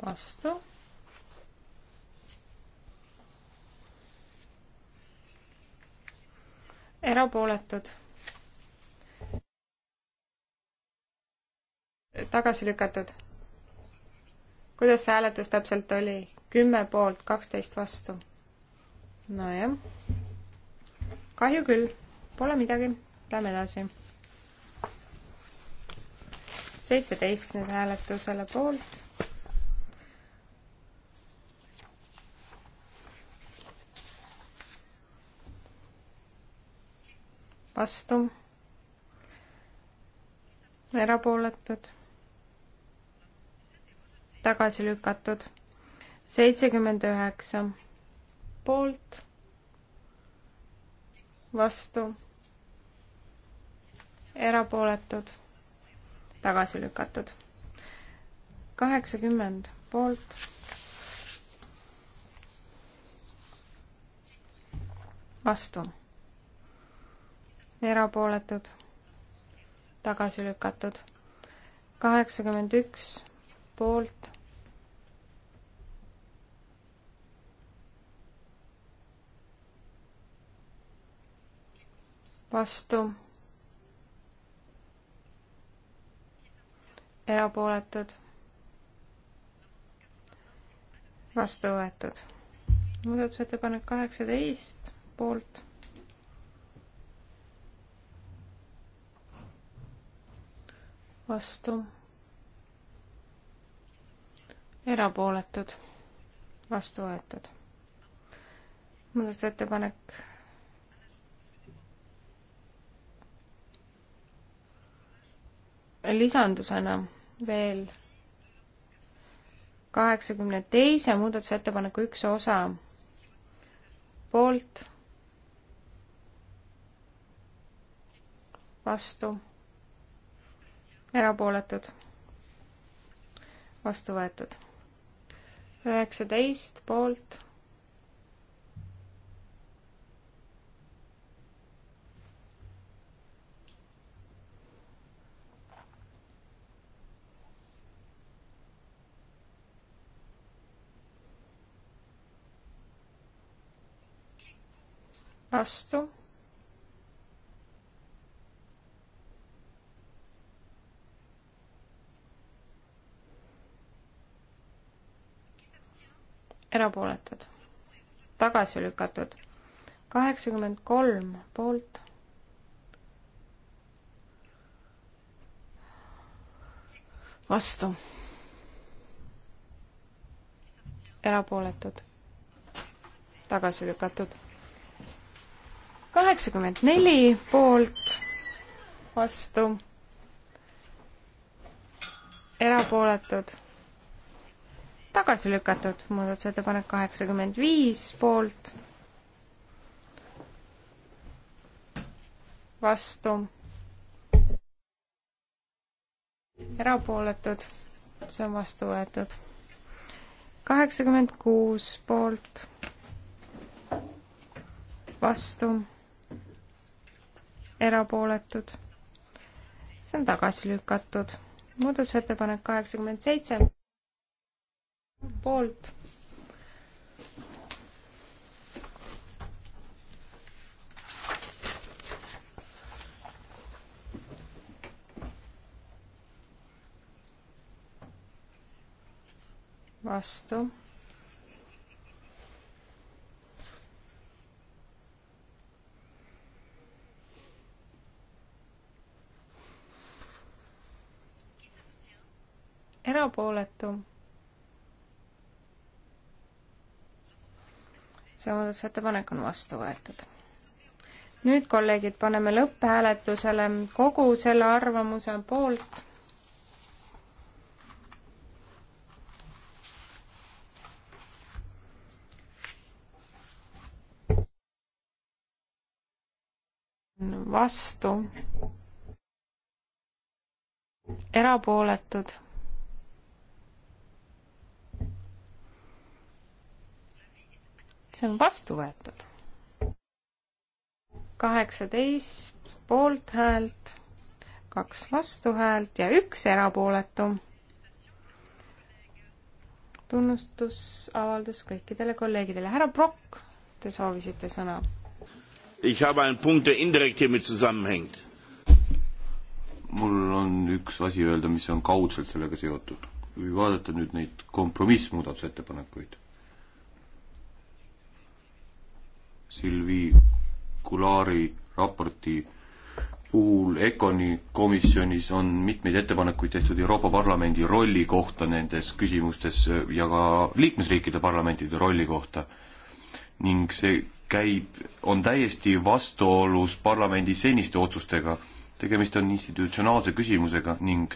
vastu. erapooletud. tagasi lükatud kuidas see hääletus täpselt oli? kümme poolt, kaksteist vastu. nojah. kahju küll, pole midagi, lähme edasi. seitseteist nüüd hääletusele poolt vastu, erapooletud tagasi lükatud. seitsekümmend üheksa poolt, vastu, erapooletud, tagasi lükatud. kaheksakümmend poolt vastu. erapooletud, tagasi lükatud. kaheksakümmend üks poolt. vastu. erapooletud. vastu võetud. muudatusettepanek kaheksateist poolt vastu erapooletud, vastu võetud. muudatusettepanek lisandusena veel kaheksakümne teise muudatusettepaneku üks osa poolt, vastu, erapooletud, vastu võetud üheksateist poolt. vastu erapooletud, tagasi lükatud. kaheksakümmend kolm poolt. vastu. erapooletud, tagasi lükatud. kaheksakümmend neli poolt, vastu erapooletud tagasi lükatud, muudatusettepanek kaheksakümmend viis poolt, vastu, erapooletud, see on vastu võetud. kaheksakümmend kuus poolt, vastu, erapooletud, see on tagasi lükatud. muudatusettepanek kaheksakümmend seitse poolt. vastu. erapooletu see muudatusettepanek on vastu võetud. nüüd, kolleegid, paneme lõpphääletusele kogu selle arvamuse poolt vastu, erapooletud see on vastu võetud. kaheksateist poolthäält, kaks vastuhäält ja üks erapooletu. tunnustusavaldus kõikidele kolleegidele. härra Prokk, te soovisite sõna? Ich habe einen Punkt, der indirekt hiermit zusammenhängt. mul on üks asi öelda, mis on kaudselt sellega seotud. kui vaadata nüüd neid kompromissmuudatusettepanekuid Silvi Kulaari raporti puhul ECONi komisjonis on mitmeid ettepanekuid tehtud Euroopa Parlamendi rolli kohta nendes küsimustes ja ka liikmesriikide parlamentide rolli kohta. ning see käib, on täiesti vastuolus parlamendi seniste otsustega. tegemist on institutsionaalse küsimusega ning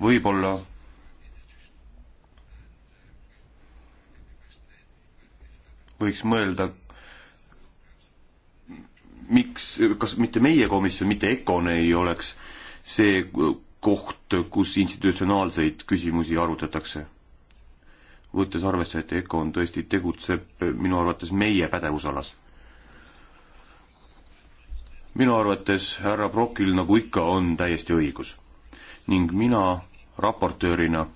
võib-olla võiks mõelda miks, kas mitte meie komisjon, mitte EKON ei oleks see koht, kus institutsionaalseid küsimusi arutatakse? võttes arvesse, et EKON tõesti tegutseb minu arvates meie pädevusalas. minu arvates härra Brokil, nagu ikka, on täiesti õigus. ning mina raportöörina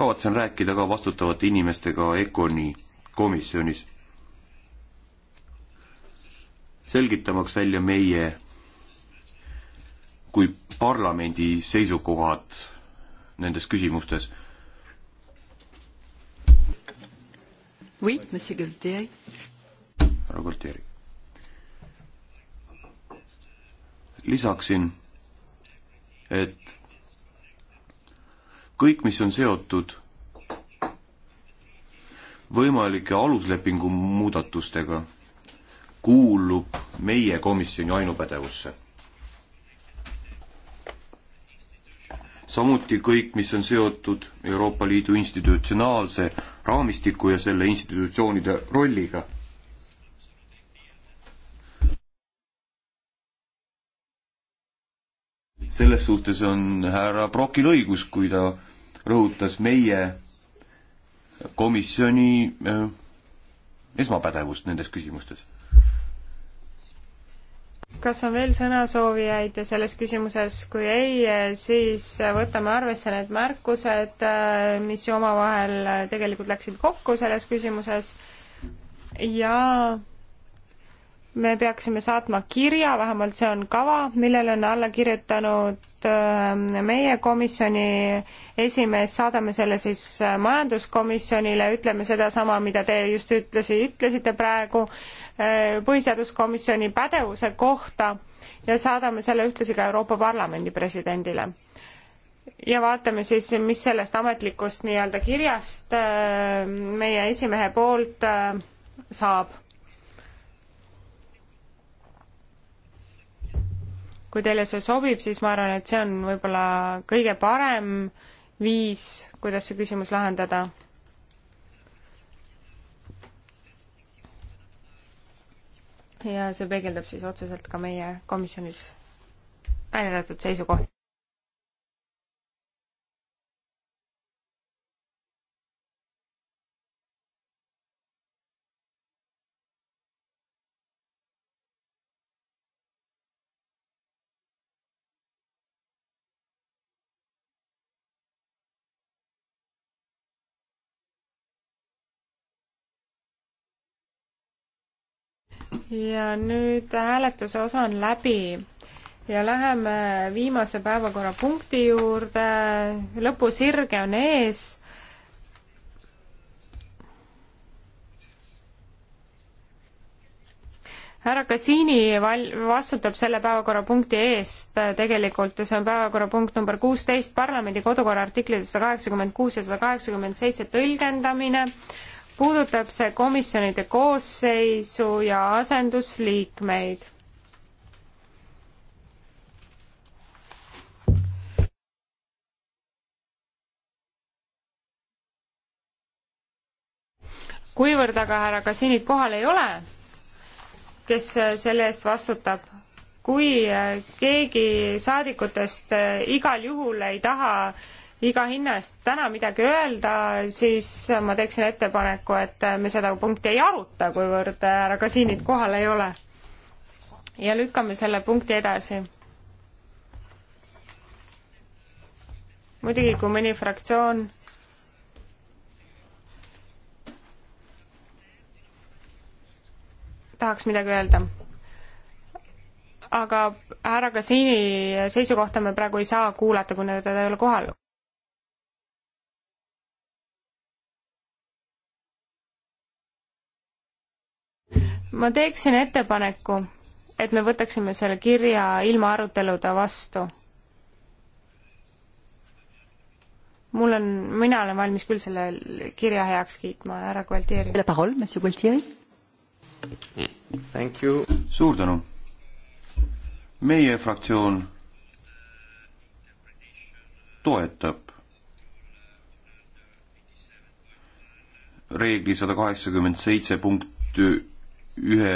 kavatsen rääkida ka vastutavate inimestega ECONi komisjonis, selgitamaks välja meie kui parlamendi seisukohad nendes küsimustes. Oui, monsieur Gualtieri. härra Gualtieri. lisaksin, et kõik, mis on seotud võimalike aluslepingu muudatustega, kuulub meie komisjoni ainupädevusse. samuti kõik, mis on seotud Euroopa Liidu institutsionaalse raamistiku ja selle institutsioonide rolliga selles suhtes on härra Brokil õigus, kui ta rõhutas meie komisjoni äh, esmapädevust nendes küsimustes. kas on veel sõnasoovijaid selles küsimuses, kui ei, äh, siis äh, võtame arvesse need märkused, mis ju omavahel tegelikult läksid kokku selles küsimuses ja me peaksime saatma kirja, vähemalt see on kava, millele on alla kirjutanud ähm, meie komisjoni esimees, saadame selle siis äh, majanduskomisjonile, ütleme sedasama, mida te just ütlesi, ütlesite praegu äh, põhiseaduskomisjoni pädevuse kohta ja saadame selle ühtlasi ka Euroopa Parlamendi presidendile. ja vaatame siis, mis sellest ametlikust nii-öelda kirjast äh, meie esimehe poolt saab kui teile see sobib, siis ma arvan, et see on võib-olla kõige parem viis, kuidas see küsimus lahendada. ja see peegeldab siis otseselt ka meie komisjonis välja arvatud seisukoht. ja nüüd hääletuse osa on läbi ja läheme viimase päevakorrapunkti juurde, lõpusirge on ees. härra Kasiini val-, vastutab selle päevakorrapunkti eest tegelikult ja see on päevakorrapunkt number kuusteist, parlamendi kodukorra artiklid sada kaheksakümmend kuus ja sada kaheksakümmend seitse tõlgendamine puudutab see komisjonide koosseisu ja asendusliikmeid. kuivõrd aga härra Kasinit kohal ei ole, kes selle eest vastutab, kui keegi saadikutest igal juhul ei taha äh, iga hinna eest täna midagi öelda, siis ma teeksin ettepaneku, et me seda punkti ei aruta, kuivõrd härra Kasiinit kohal ei ole. ja lükkame selle punkti edasi. muidugi, kui mõni fraktsioon tahaks midagi öelda. aga härra Kasiini seisukohta me praegu ei saa kuulata, kuna teda ei ole kohal. ma teeksin ettepaneku, et me võtaksime selle kirja ilma aruteluda vastu. mul on, mina olen valmis küll selle kirja heaks kiitma, härra Gualtieri. suur tänu. meie fraktsioon toetab reegli sada kaheksakümmend seitse punkt ühe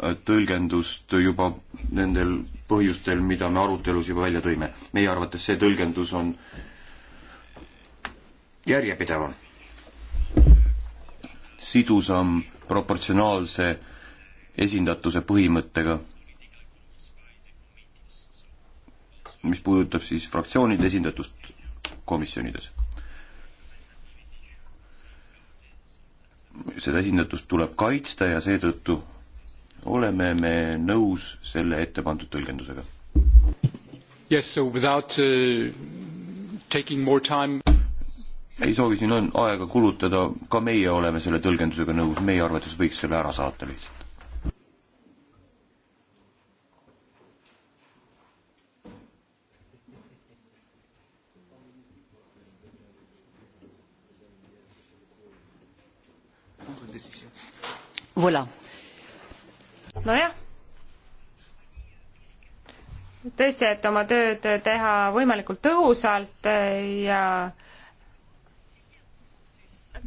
äh, tõlgendust juba nendel põhjustel, mida me arutelus juba välja tõime. meie arvates see tõlgendus on järjepidevam, sidusam, proportsionaalse esindatuse põhimõttega, mis puudutab siis fraktsioonide esindatust komisjonides seda esindatust tuleb kaitsta ja seetõttu oleme me nõus selle ette pandud tõlgendusega. Yes, so without uh, taking more time ei soovi siin aega kulutada, ka meie oleme selle tõlgendusega nõus, meie arvates võiks selle ära saata lihtsalt. Voilà. nojah. tõesti, et oma tööd teha võimalikult tõhusalt ja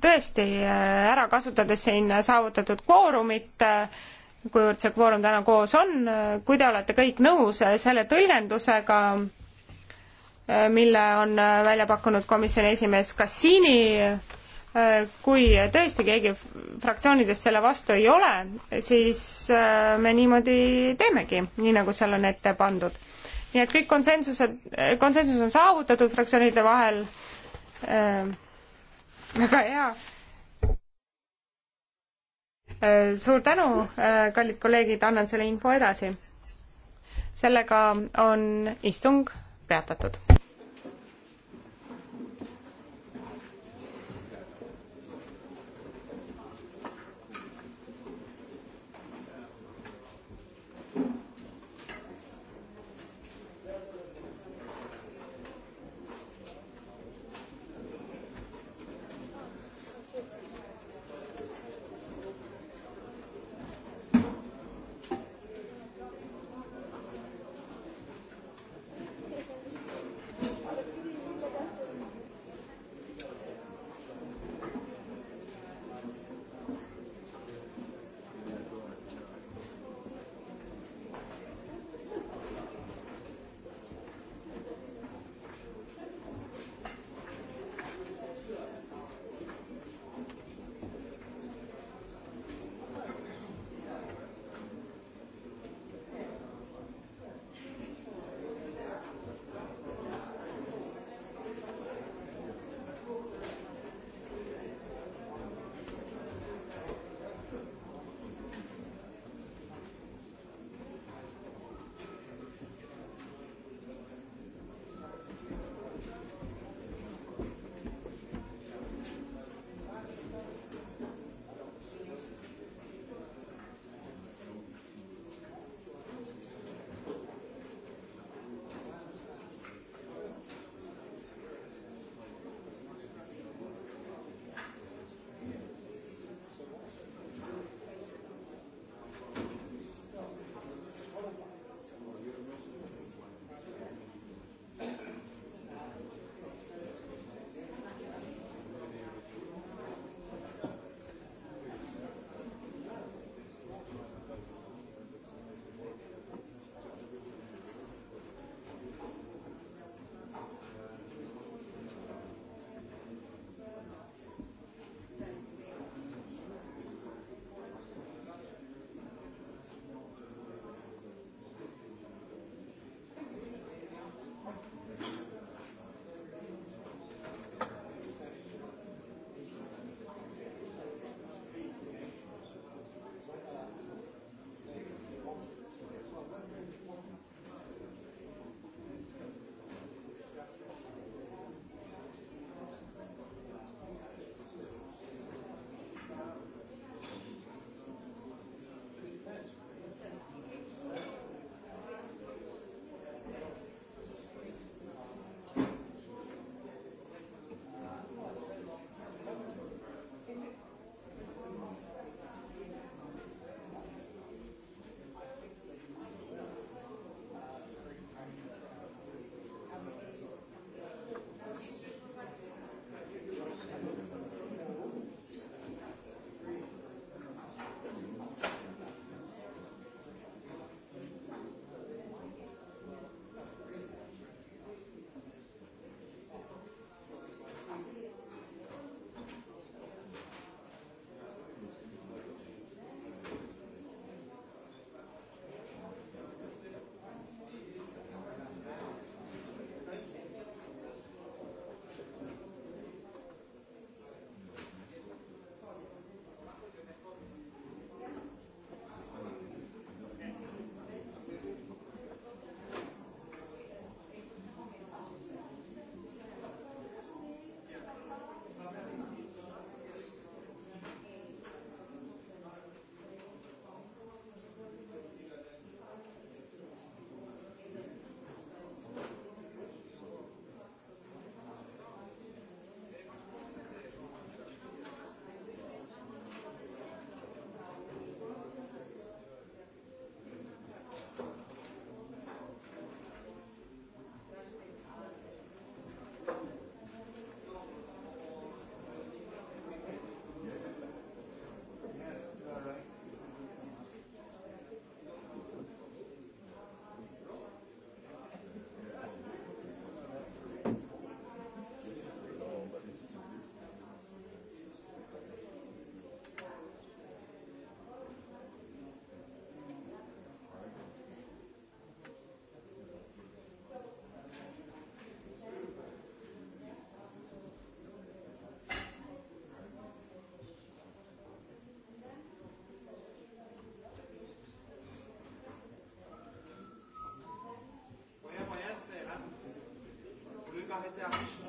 tõesti ära kasutades siin saavutatud kvoorumit, kuivõrd see kvoorum täna koos on, kui te olete kõik nõus selle tõlgendusega, mille on välja pakkunud komisjoni esimees Kassiini, Äh, kui tõesti keegi fraktsioonidest selle vastu ei ole, siis äh, me niimoodi teemegi, nii nagu seal on ette pandud. nii et kõik konsensused, äh, konsensus on saavutatud fraktsioonide vahel äh,. väga hea äh,. suur tänu äh,, kallid kolleegid, annan selle info edasi. sellega on istung peatatud. להרגיש